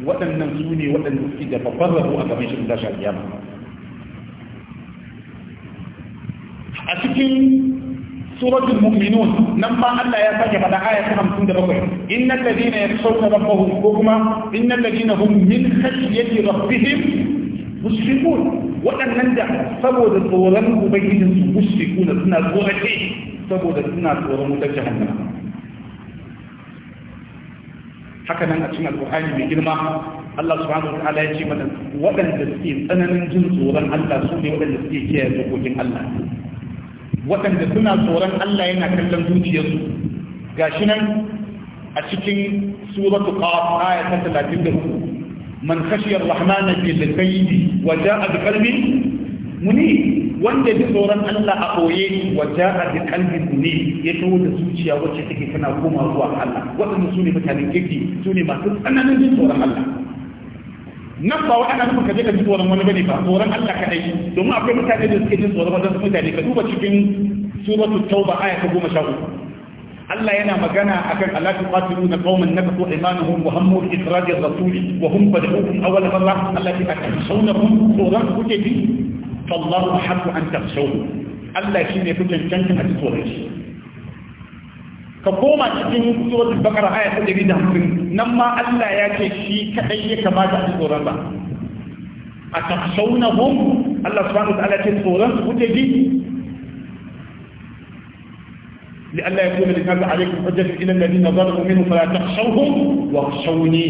waɗannan su ne waɗanda suke da rabo a gaban shirin a cikin suratul mu'minun nan ba Allah ya sake fada aya ta 57 innal ladina yakhshawna rabbahum ko kuma innal ladina hum min khashyati rabbihim mushrikun waɗannan da saboda tsoron ubangijin su mushrikun suna tsorace saboda suna tsoron wutar jahannama haka nan a cikin alƙur'ani mai girma Allah subhanahu wa ta'ala ya ce mana waɗanda suke tsananin jin tsoron Allah su ne waɗanda suke kiyaye dokokin Allah waɗanda suna tsoron Allah yana kallon zuciyarsu shi nan a cikin suratu qaf aya ta 33 man khashiya ar-rahmana bil ghaibi wa ja'a bi qalbi muni wanda bi tsoron Allah a koye wa ja'a bi qalbi muni ya tawo da zuciya wacce take tana koma zuwa Allah waɗannan su ne mutanen kirki su masu tsananin tsoron Allah nan ba wa ana nufin ka je ka ji tsoron wani bane ba tsoron Allah kadai domin akwai mutane da suke jin tsoron wadansu mutane ka duba cikin suratu tauba aya ta goma sha uku Allah yana magana akan Allah ta qatilu na qauman nakasu imanuhum wa hammu bi ikhraj ar-rasul wa hum bad'uhum awwal marra Allah ta akhshawhum tsoron kuke ji fallahu haqqu an takhshawhu Allah shine fi cancanta a tsoron shi ka koma cikin suratul bakara aya ta hamsin. nan ma Allah ya ce shi kaɗai ya kamata a tsoron ba a takshawnahum Allah subhanahu wa ta'ala ce tsoron su kuke ji لئلا يكون للناس عليكم حجة إلى الذين ظلموا منهم ji tsoron واخشوني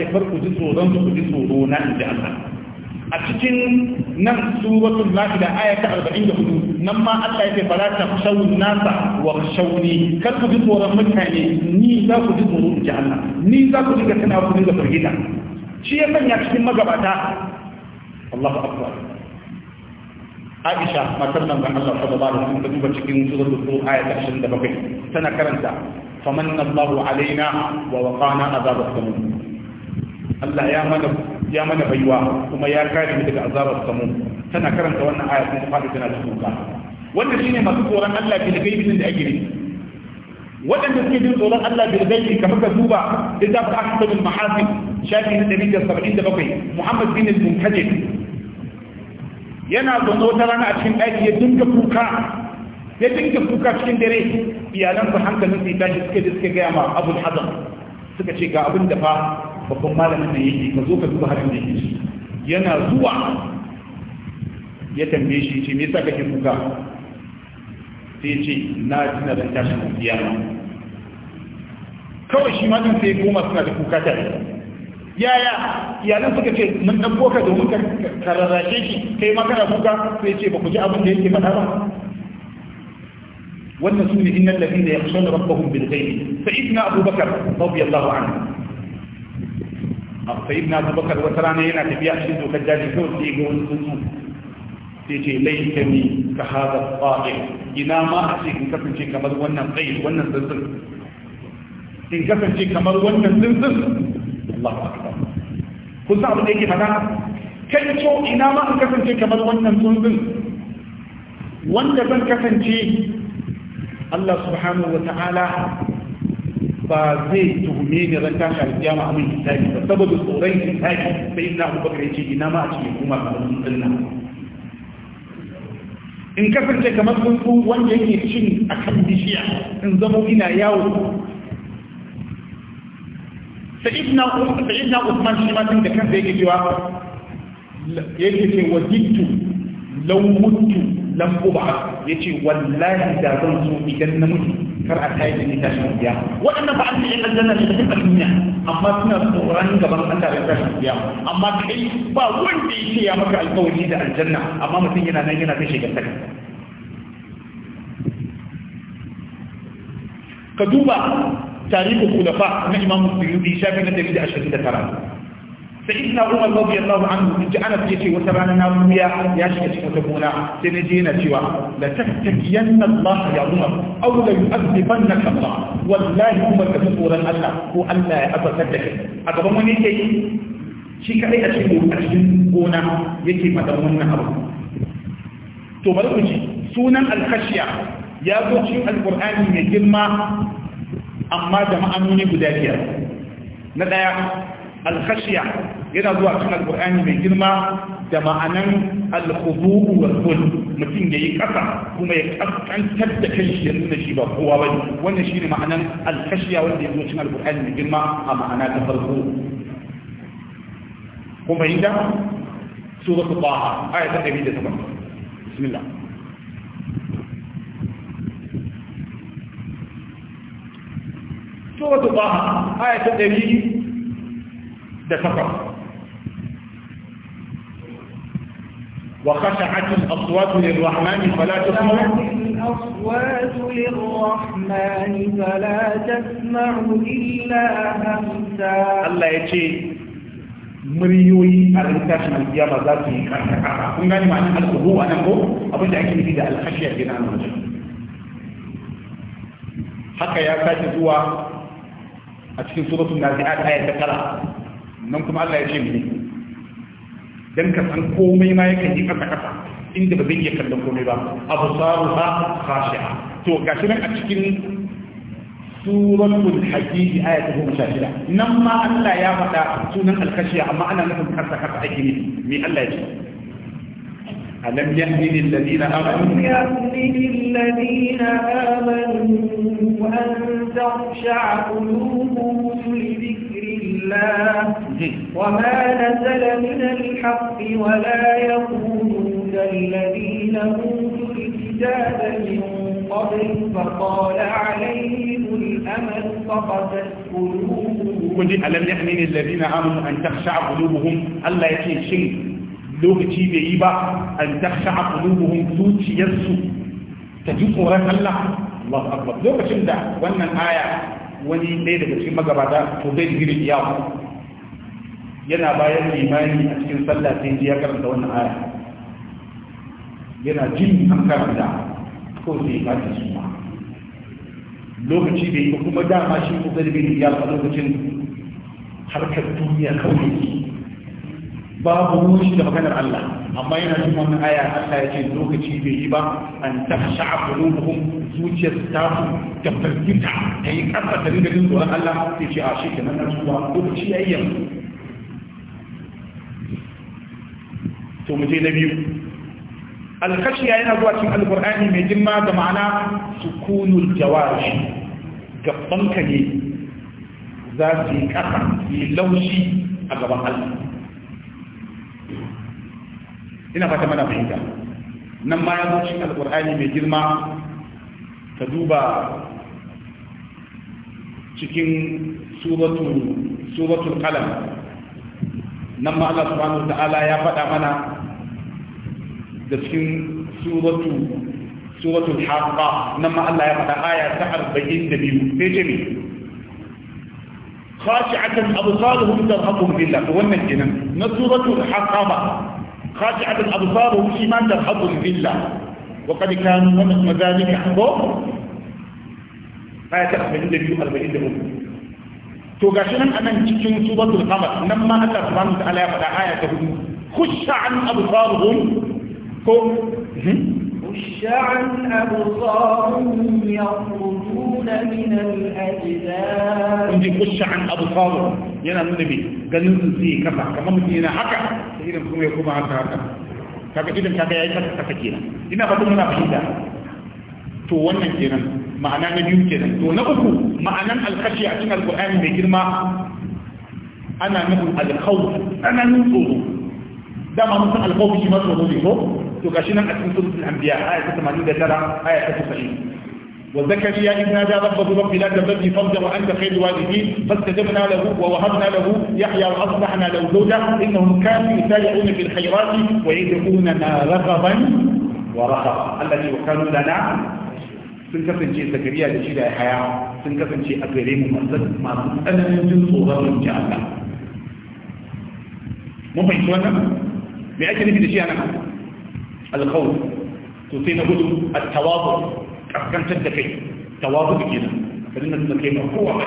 ku ji tsoro, na عند Allah. a cikin nan suratul ma'ida aya da hudu nan ma Allah ya yake fara ta shawun nasa wa shawni kar ku ji tsoron mutane ni za ku ji tsoron Allah ni za ku ji ga tana ku ji ga firgita shi ya sanya cikin magabata Allahu akbar Aisha matar nan ga Allah sallallahu alaihi wasallam duba cikin suratul Tur aya ta 27 tana karanta famanna Allahu alaina wa waqana azab as-samum Allah ya mana ya mana baiwa kuma ya kare mu daga azabar samu tana karanta wannan aya kuma faɗi tana da kuka wanda shine masu tsoron Allah bil gaibi da ake yi waɗanda suke jin tsoron Allah bil gaibi kamar ka duba aka ahkamul mahasin shafi na 177 Muhammad bin al muntajib yana zo wata rana a cikin ɗaki ya dinga kuka ya dinga kuka cikin dare iyalansa hankalin sai tashi suke da suke gaya ma abul hazan suka ce ga abin da fa babban malamin da yake ka zo ka duba halin da yake shi yana zuwa ya tambaye shi ce me yasa kake kuka sai ce na tuna da tashin kiyama kawai shi ma din sai goma suna da kuka tare yaya iyalan suka ce mun dan boka domin ka rarrashe shi kai ma kana kuka sai ce ba ku ji abin da yake faɗa ba wannan sune ne innal ladina yakhshawna rabbahum bil ghaibi fa ibna abubakar radiyallahu anhu sai na abubakar wata rana yana tafiya cikin dokar jaji, kawai sai ga wani tsuntsu sai ce laita ni ka haɗa tsaɗe ina ma a ce in kasance kamar wannan tsaye wannan tsuntsun in kasance kamar wannan tsuntsun Allah akbar kun san abin da yake fada kai so ina ma in kasance kamar wannan tsuntsun wanda zan kasance Allah subhanahu wa ta'ala ba zai tuhume ni ran tashi alkiyama a mun hisabi ba saboda tsoron hisabi sai ina abu bakar yace ina ma a cikin kuma kamar sun dinna in kasance kamar tsuntsu wanda yake cin akan bishiya in zamo ina yawo سيدنا سيدنا عثمان شيما تند كان زي كده yake ce wa wajittu lau mutu lam ub'a yace wallahi da zan so idan na mutu kar a kai da ita shan biya waɗannan ba an ce yan aljanna ne da duniya amma suna tsoron gaban Allah da tashin biya amma kai ba wanda yake ya maka alƙawari da aljanna amma mutum yana nan yana ta shiga ka duba tarihi kulafa na imam suyudi shafi na 129 سيدنا عمر رضي الله عنه جعل أنا يتي وتبعنا ويا يا شيخ وتبونا سنجينا سوى لا الله يا عمر أو ليؤذبنك الله والله عمر كفورا الله هو الله أبتدك أبغمني كي shi kadai a cikin a cikin gona yake mata wannan abu to bari ku ji sunan al-khashiya ya zo cikin alkhashiya yana zuwa cikin alkur'ani mai girma da ma'anan alkhudu wal kul mutum yayi kasa kuma ya kaskantar da kanshi ya nuna shi ba kowa bane wannan shine ma'anan alkhashiya wanda ya zo cikin alkur'ani mai girma a ma'ana ta farko kuma inda suratul taha aya ta 108 bismillah suratul taha aya ta ده كفر وخشعت الأصوات للرحمن فلا تسمع الأصوات للرحمن فلا تسمع إلا همسا الله يجي مريوي أرنتاش من الجامعة ذاتي كم يعني ما نحلقه هو أنبو أبو جاكي نفيد على خشية جنان رجل حكى يا فاتي هو أتكين صورة النازعات هاي التكرة nan kuma Allah ya ce mu dan ka san komai ma yakan yi kasa kasa inda ba zai iya kallon komai ba ha khashi'a to gashi nan a cikin suratul hajji aya ta goma sha nan ma Allah ya faɗa sunan alkashiya amma ana nufin karsa kasa ake nufi me Allah ya ce ألم يهدن الذين آمنوا ألم يهدن الذين آمنوا أن تخشع قلوبهم لذكر الله وما نزل من الحق ولا يكونوا كالذين أوتوا الكتاب من قبل فقال عليهم الأمل فقست قلوبهم ألم يهدن الذين آمنوا أن تخشع قلوبهم ألا يكون شيء lokaci bai yi ba an taksha a kulubuhun zuciyarsu ta ji tsoron Allah Allahu akbar lokacin da wannan aya wani ɗaya daga cikin magabata to zai digiri iyawa yana bayan limani a cikin sallah sai ji ya karanta wannan aya yana jin an karanta ko sai ya kace su ma lokaci bai yi kuma dama shi ko zai digiri ya lokacin harkar duniya kawai babu ruwan da maganar Allah amma yana cikin wannan aya Allah ya ce lokaci bai yi ba an ta sha'a qulubuhum zuciyar ta su ta firgita ta yi ƙasa ta dinga jin tsoron Allah sai ce a shi kenan na tsuwa lokaci yayi yanzu to mu je na biyu alkashiya yana zuwa cikin alqur'ani mai jimma da ma'ana sukunul jawarish gaban ka ne za su yi ƙasa yi laushi a gaban Allah ina fata mana fahimta nan ma ya zo cikin alkur'ani mai girma ta duba cikin suratul qalam nan ma Allah subhanahu ta'ala ya faɗa mana da cikin suratu suratul haqqa nan ma Allah ya faɗa aya ta 42 sai ce me خاشعة أبصارهم ترهقهم بالله ومن جنة نصورة الحقابة خاشعة الأبصار والإيمان ترهب بالله وقد كانوا ومثل ذلك حظه آية 42 43 to البعيد nan anan cikin suratul سورة القمر ma اتى subhanahu wa آية ya faɗa aya ta hudu khusha عن أبصارهم يخرجون من الأجداد عندي خش عن أبصارهم ينا النبي قال نسي كفا كما مدينا حكا da idan kuma ya kuma haka haka kaga idan kaga yayi kasa kasa kenan ina ba kuma na fahimta to wannan kenan ma'ana na biyu kenan to na uku ma'anan alkashi a cikin alqur'ani mai girma ana nufin alkhawf tsananin tsoro dama mun san alkhawf shi ma tsoro ne ko to gashi nan a cikin suratul anbiya aya ta 89 aya ta 90 وزكريا إذ نادى ربه رب لا تذرني فردا وأنت خير الوالدين فاستجبنا له ووهبنا له يحيى وأصلحنا له زوجة إنهم كانوا يسارعون في الخيرات ويدعوننا رغبا ورهبا الذي وكانوا لنا sun kasance zakariya da shi da haya sun kasance a gare mu masu tsananin jin tsoron ji Allah mun fahimci wannan me ake nufi da shi anan alqaul to sai na gudu at-tawadhu أحكام تدفئ توافق جدا فلن نتكلم قوة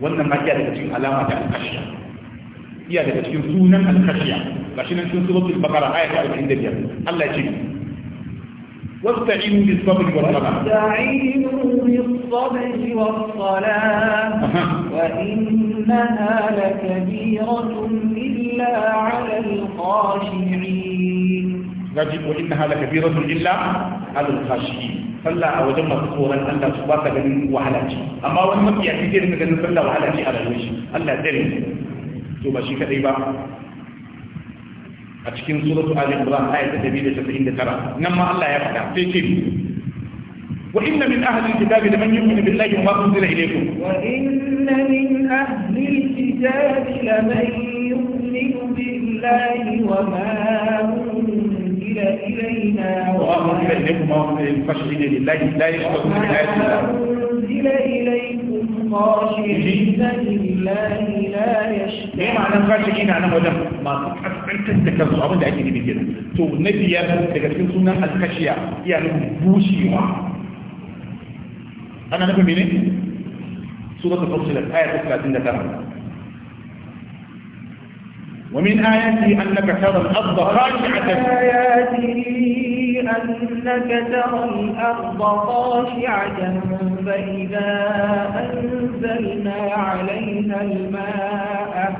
وأن ما جاء لتكلم ألامة الخشية هي لتكلم سونا الخشية لكن أنت تضبط البقرة آية على الحمد لله الله يجب واستعينوا بالصبر والصلاة استعينوا بالصبر والصلاة وإنها لكبيرة إلا على الخاشعين نجد وإنها لكبيرة إلا على الخاشعين صلى وجم صورا أن سباك من وحلاتي أما وأن في كثير من أن صلى وحلاتي على الوجه ألا تري ثم شيك أيضا أتكين سورة آل عمران آية تبيل تسعين ترى نما الله يفعل تيتم وإن من أهل الكتاب لمن يؤمن بالله وما أنزل إليكم وإن من أهل الكتاب لمن يؤمن بالله وما أنزل أنزل إلينا وما أنزل إليكم وما لله لا يشكرون بالله أنزل إليكم خاشعين لله لا يشكرون إيه معنى الخاشعين أنا وده ما أنت تذكر أبدا أجل من كده تو النبي يا تذكرين سنة الخشية يعني بوشي أنا نبي منين سورة الفصل الآية 39 ومن آياته أنك ترى الأرض خاشعة آياته أنك ترى الأرض خاشعة فإذا أنزلنا عليها الماء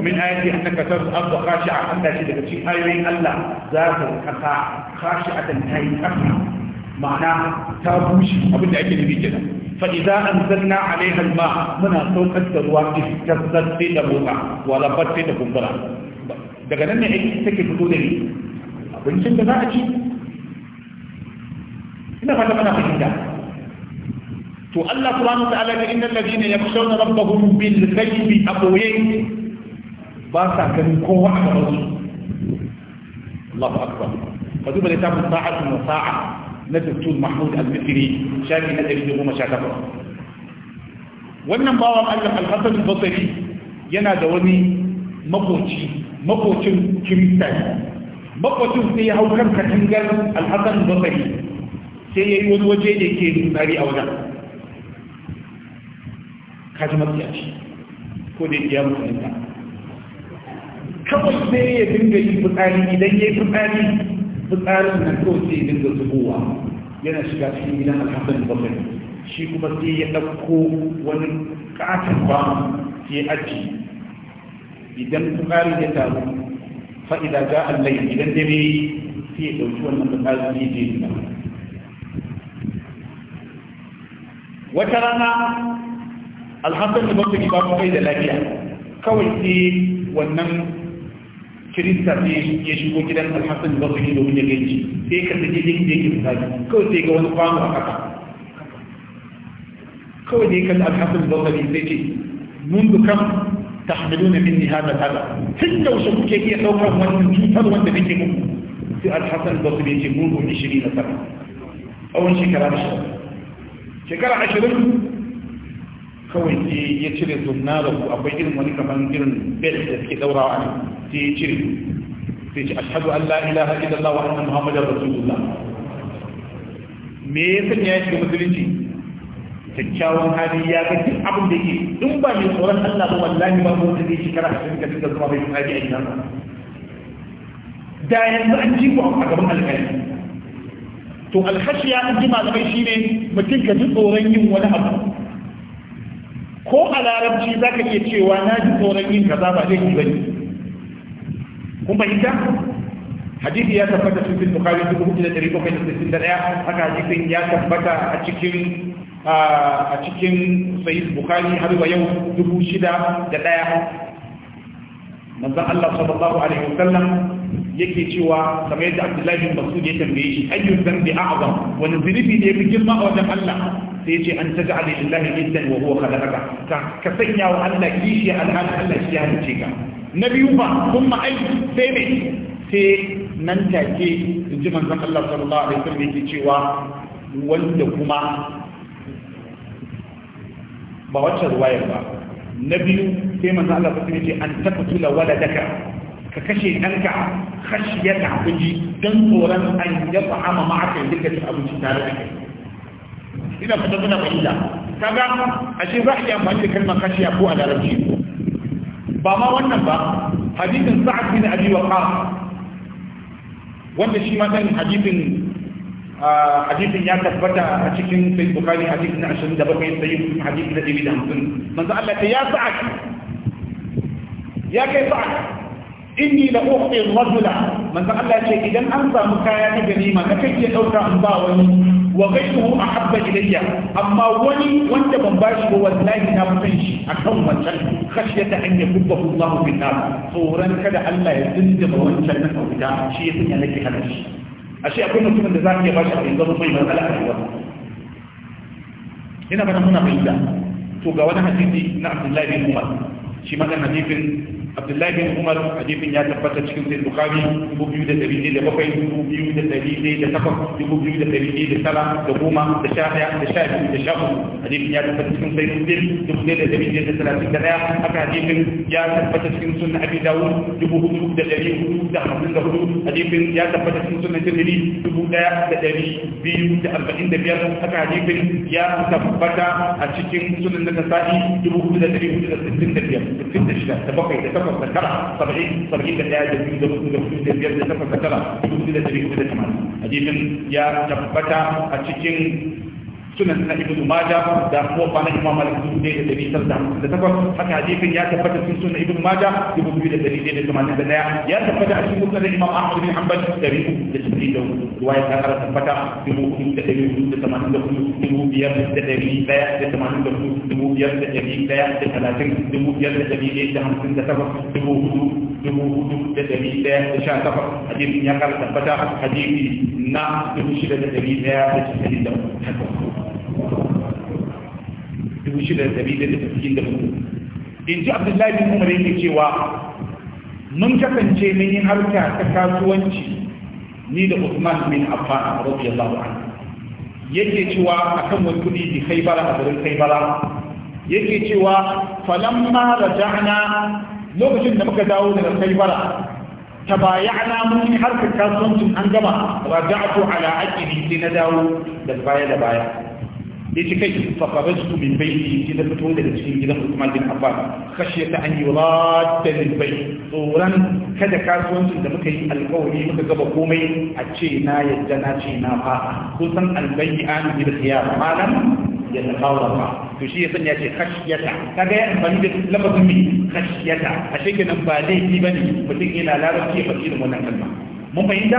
ومن آياته أنك ترى الأرض خاشعة أنت شدك شيء هاي الله ذات الكفاء خاشعة هاي الكفاء معناها تابوش أبدا أجل بي فإذا أنزلنا عليها الماء من سوكت الروا استزت تبوكا ولا da تبوكا daga nan ne ake take fito da ni abincin da za a ci ina fata mana fahimta to Allah subhanahu wa ta'ala ya inna alladhina yakhshawna rabbahum bil ghaibi aqwaye ba sa ganin kowa a gaban su Allahu akbar ka duba littafin sa'atun wa sa'a na tun Mahmud Al-Misri shafi na ɗari sha 118 wannan bawan Allah Alhassan Basari yana da wani makoci makocin Kirista makocin sai ya hau kan katangar Alhassan Basari, sai ya yi wani waje da ke tsari a wajen kaji matsiyaci ko da ya mutunta kawai sai ya dinga yi fitsari idan ya yi fitsari fitsarin nan kawai sai dinga zubowa yana shiga cikin gidan alhassan bakwai shi kuma sai ya ɗauko wani ƙaton ba sai ya aji idan fitsarin ya taru fa'ida ga allai idan dare sai ya ɗauki wannan fitsarin sai je gida wata rana alhassan bakwai ba kai da lafiya kawai sai wannan kirista ne ya shigo gidan alhassan ba su domin ya gaji sai ka sake yin da yake misali kawai sai ga wani kwano a ƙasa kawai ne kan alhassan ba su sai ce mun dukan ta hamilu na minni hada hada tun yaushe kuke iya ɗaukar wannan cutar wanda nake muku sai alhassan ba su ce mun gobe shiri na sama tsawon shekara ashirin shekara ashirin kawai sai ya cire sunna da ku akwai irin wani kamar irin bed da suke daurawa ne sai ya cire sai ce allah an la ilaha illallah wa anna muhammadar rasulullah me ya sanya ya shiga musulunci kyakkyawan hali ya ga duk abin da yake in ba mai tsoron Allah ba wallahi ba mun zai shekara a cikin kafin da zama bai kuma hali a ina ba da yanzu an ji ku a gaban alƙali to alhashiya an ji malamai shine mutum ka ji tsoron yin wani abu ko a larabci za ka iya cewa na ji tsoron yin kaza ba zai yi bane kun fahimta hadisi ya tabbata cikin bukhari dubu hudu da dari bakwai da sittin da ɗaya haka hadisin ya tabbata a cikin a cikin sahih bukhari har wa yau dubu shida da ɗaya manzon Allah sallallahu alaihi wasallam yake cewa kamar yadda Abdullahi bin Mas'ud ya tambaye shi ayyukan bi a'zam wani zunubi ne ya fi girma a wajen Allah sai ce an taja ala lillahi iddan wa huwa khalaqa ka ka sanya wa Allah kishi alhal Allah shi ya halice ka na biyu ba kuma ai sai ne sai nan take inji manzon Allah sallallahu alaihi wasallam yake cewa wanda kuma ba wacce ruwayar ba na biyu sai manzon Allah sallallahu alaihi wasallam yake an taqtula waladaka ka kashe ɗanka kashiyar abinci don tsoron an yafa ama ma'akai duka cin abinci tare da kai ina fata suna fahimta kaga ashe za a yi amfani da kalmar kashiya ko a larabci ba ma wannan ba hadisin sa'ad bin abi waqa wanda shi ma dan hadisin hadisin ya tabbata a cikin sai bukari hadisin 27 sai hadisin da 150 manzo Allah ta ya sa'ad ya kai sa'ad inni la uqti rajula manzo Allah ya ce idan an samu kaya ta ganima ka kake dauka an ba wani wa a ahabba ilayya amma wani wanda ban bashi ba wallahi na fi shi akan wancan khashyata an yakubbahu Allahu bin nar tsoron kada Allah ya dinda wancan nan a wuta shi ya sanya nake hana shi ashe akwai mutumin da za ka iya bashi abin zama mai matsala a rayuwa ina ganin muna fahimta to ga wani hadisi na Abdullahi bin Umar shi magana hadisin عبد الله بن عمر حديث نيا تفتا تشكيل سيد بخاري بوب يود التبيدي لبقي بوب يود التبيدي لتفق بوب يود التبيدي لسلا لبوما لشافع لشافع لشافع حديث نيا تفتا تشكيل سيد مدير بوب يود التبيدي لسلا سيدنا أكا حديث نيا تفتا تشكيل سنة أبي داود لبوب يود التبيدي لبوب يود التبيدي حديث نيا تفتا تشكيل سنة تبيدي لبوب يود التبيدي بيو تأربعين تبيدي أكا حديث نيا تفتا تشكيل سنة نتسائي لبوب يود التبيدي لبوب يود التبيدي لبوب يود التبيدي takwas da tara saba'in saba'in da ɗaya da biyu da hudu da hudu da biyar da da tara dubu da ɗari hudu da tamanin hadisin ya tabbata a cikin sunan na ibnu maja da kuma ba na imam malik dubu ɗaya da dari tara da hamsin da takwas haka hadisin ya tabbata cikin sunan ibnu maja dubu biyu da dari ɗaya da tamanin da ɗaya ya tabbata a cikin musnad imam ahmad bin hanbal dari uku da tafi da ruwaya ta kara tabbata dubu hudu da dari hudu da tamanin da hudu dubu biyar da dari ɗaya da tamanin da hudu dubu biyar da dari ɗaya da talatin dubu biyar da dari ɗaya da hamsin da takwas dubu hudu dubu hudu da dari ɗaya da sha takwas hadisin ya kara tabbata hadisi na dubu shida da dari ɗaya da casa'in da hudu dubu shida da ɗari da cikin da uku in ji abdullahi bin umar yake cewa mun kasance mun yi harka ta kasuwanci ni da usman bin affan radiyallahu anhu yake cewa akan wani kuɗi bi bara a garin khaybara yake cewa falamma raja'na lokacin da muka dawo daga kai khaybara tabaya'na mun yi harka kasuwancin an gama raja'tu ala aqidi sai na dawo da baya da baya ya ce kai fakarar su min bai ne da fito daga cikin gidan usman bin abbas kashe ta an yi rata min bai tsoron kada kasuwancin da muka yi alƙawari muka gaba komai a ce na yadda na ce na fa ko san albayi an yi da siya malam ya ta kawo ba to shi ya sanya ce kashiyata ta ga ya amfani da lafazin mai kashiyata a shekinan ba laifi ba ne mutum yana larabci ya faɗi irin wannan kalma mun fahimta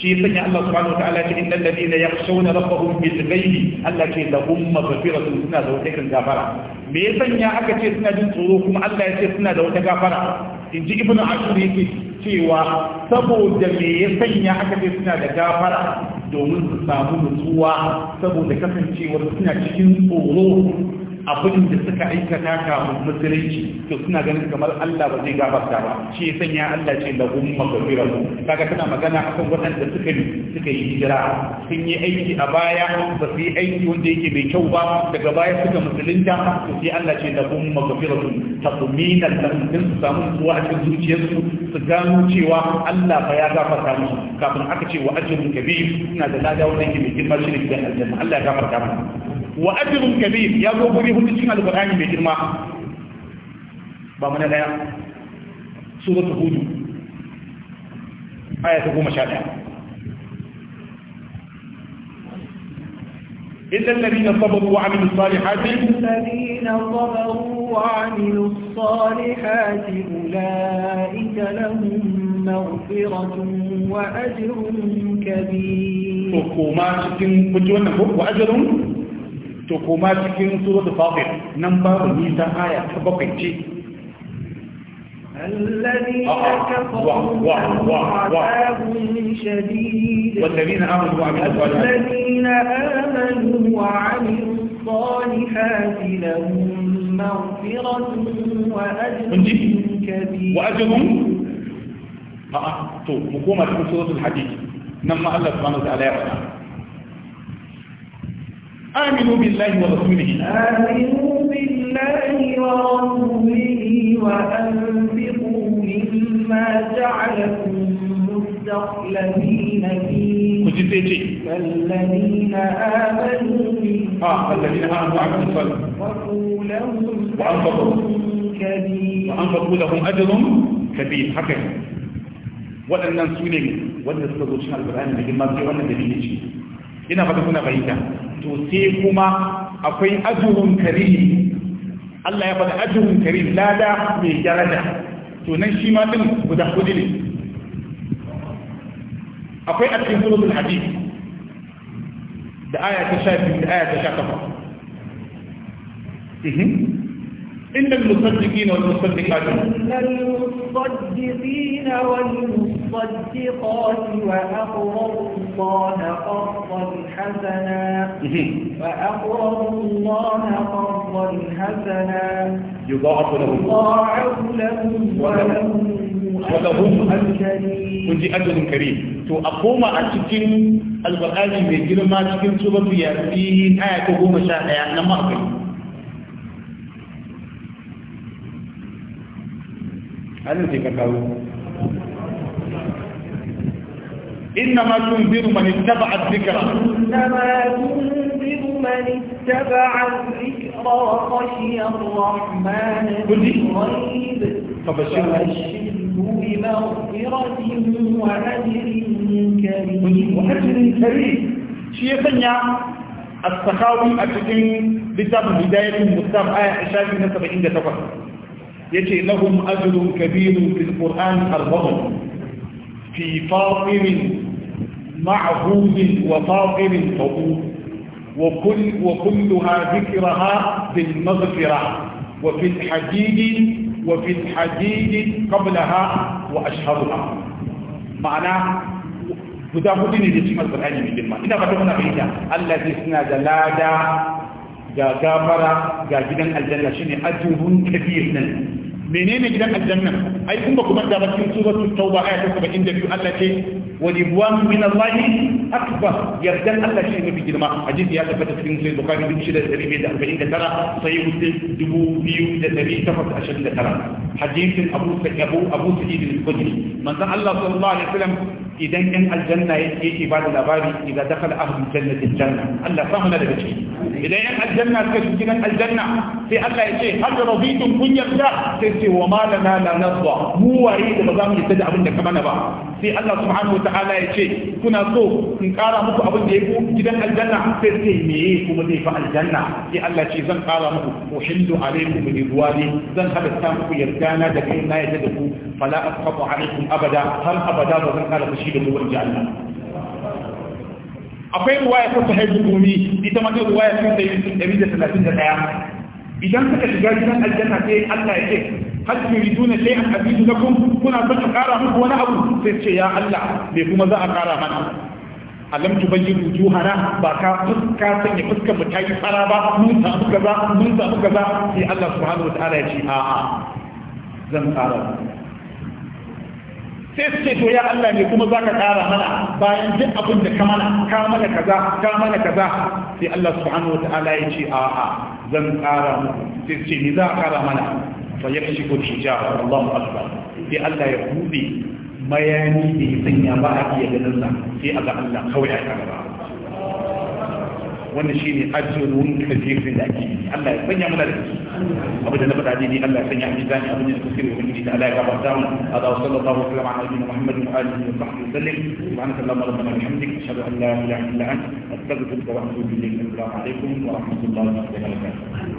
shi sanya Allah subhanahu wataala ce innal ladina yakhshawna rabbahum bil ghaibi Allah ce lahum maghfiratun suna da wata gafara me ya sanya aka ce suna jin tsoro kuma Allah ya ce suna da wata gafara inji ibnu ashur yake cewa saboda me ya sanya aka ce suna da gafara domin su samu nutsuwa saboda kasancewar suna cikin tsoro abin da suka aikata kafin musulunci to suna ganin kamar Allah ba zai gafarta ba shi ya sanya Allah ce lahum mu kaga tana magana akan waɗanda suka yi suka yi hijira sun yi aiki a baya ba su yi aiki wanda yake mai kyau ba daga baya suka musulunta to sai Allah ce lahum ta taqminan da din su samu zuwa a cikin zuciyarsu su gano cewa Allah ba ya gafarta musu kafin aka ce wa ajrun kabir suna da lada wanda yake mai girma shi ne gidan aljanna Allah ya gafarta musu wa ajrun kabir ya zo guri hudu cikin alqur'ani mai girma ba mana daya suratul hud aya ta إلا الذين صبروا وعملوا الصالحات الذين صبروا وعملوا الصالحات أولئك لهم مغفرة وأجر كبير وما شكين كنت وأجر to kuma cikin suratul fatir nan babu nisa aya ta bakwai ce الذين كفروا عذاب شديد والذين آمنوا وعملوا الصالحات لهم مغفرة وأجر كبير وأجر آه تو مقومة الحديث نما الله سبحانه وتعالى آمنوا بالله ورسوله آمنوا بالله ورسوله وأنفقوا مما جعلكم مستخلفين فيه فالذين آمنوا منه آه الذين آمنوا وعملوا الصالحات وأنفقوا كبير وأنفقوا لهم أجر كبير حكيم waɗannan su ne wanda suka zo cikin alƙur'ani da girma sai wannan dalili ce ina fata kuna bayyana to sai kuma akwai ajrun karim Allah ya faɗa ajrun karim lada mai daraja to nan shi ma din guda hudu ne akwai a cikin suratul da aya ta 12 da aya ta 18 إن المصدقين والمصدقات إن المصدقين والمصدقات الصديقات وأقرضوا الله قرضا حسنا وأقرضوا الله قرضا حسنا يضاعف لهم يضاعف لهم ولهم أجر أجر كريم تو أقوم أتكلم القرآن من جرما تكلم سورة ياسين آية كوما شاء آية نمر halin sai kawo إنما تنذر من اتبع الذكر إنما تنذر من اتبع الذكر وخشي الرحمن بالغيب فبشره بمغفرة وأجر كريم وأجر كريم شيخنا ثانية السخاوي أتكين بسبب بداية المكتاب آية عشاء من سبعين دفع يتي لهم أجر كبير في القرآن الرغم في فاطر معهود وطاقم طبوب وكل وكلها ذكرها في المغفرة وفي الحديد وفي الحديد قبلها وأشهرها معنى بدابودين يجتمع القرآن من دماء إذا قدمنا بيتا إيه؟ الذي سنى جلادا جا كافرا جا جدا الجنة شيني أجوب كبير نلت. menene gidan aljanna ai kun ba kuma da bakin suratul tauba aya ta 72 Allah ce wa ridwan min Allah akbar yardan Allah shi ne girma hadisi ya tabbata cikin sai bukhari bin shida da ribi da 49 sai muslim dubu biyu da dari takwas ashirin da tara hadisin abu abu abu sa'id al-khudri manzo Allah sallallahu alaihi wasallam idan yan aljanna yake ba da labari idan dakhala ahlul jannati aljanna Allah fa mana daga ciki idan yan aljanna suka shiga gidan aljanna sai Allah ya ce hal rabitum kun yarda sai ce wa ma lana la nadwa mu waye da ba za mu yarda da abin da ka mana ba sai Allah subhanahu wata'ala ta'ala ya ce kuna so in kara muku abin da yake gidan aljanna sai ce me kuma zai fa aljanna sai Allah ce zan kara muku uhillu alaikum bi ridwani zan halatta muku yarda na da kai na yarda da ku fala asqatu alaikum abada har abada ba zan kara fushi da ku wajen Allah akwai ruwaya ta haihu rumi ita ma ruwaya ta ɗaya. idan suka shiga gidan aljanna sai Allah ya ce hal turiduna shay'an abidu lakum kuna son a kara muku wani abu sai ce ya Allah me kuma za a kara mana alam tubayyin wujuhana ba ka fuska sanya fuskar mu ta yi fara ba mun samu kaza mun samu kaza sai Allah subhanahu wa ta'ala ya ce a'a zan kara sai to ya Allah ne kuma za ka ƙara mana bayan duk abin da ka mana ka mana kaza ka mana kaza sai Allah subhanahu wa ta'ala ya ce a'a zan ƙara muku sai ce ni za a ƙara mana fa ya kashi ko Allahu akbar sai Allah ya bude mayani da ya sanya ba a iya ganin sa sai a ga Allah kawai a ba. wannan shine ajrun kabir da ake yi Allah ya sanya mana da shi abin da na faɗa ne Allah ya sanya a mizani abin da na kusuri wa ubangiji da Allah ya gafarta mu hada wa sallallahu alaihi wa alihi muhammadin wa alihi wa sahbihi sallim subhanaka allahumma rabbana wa bihamdika ashhadu an la ilaha illa anta astaghfiruka wa atubu ilayk assalamu alaikum wa rahmatullahi wa barakatuh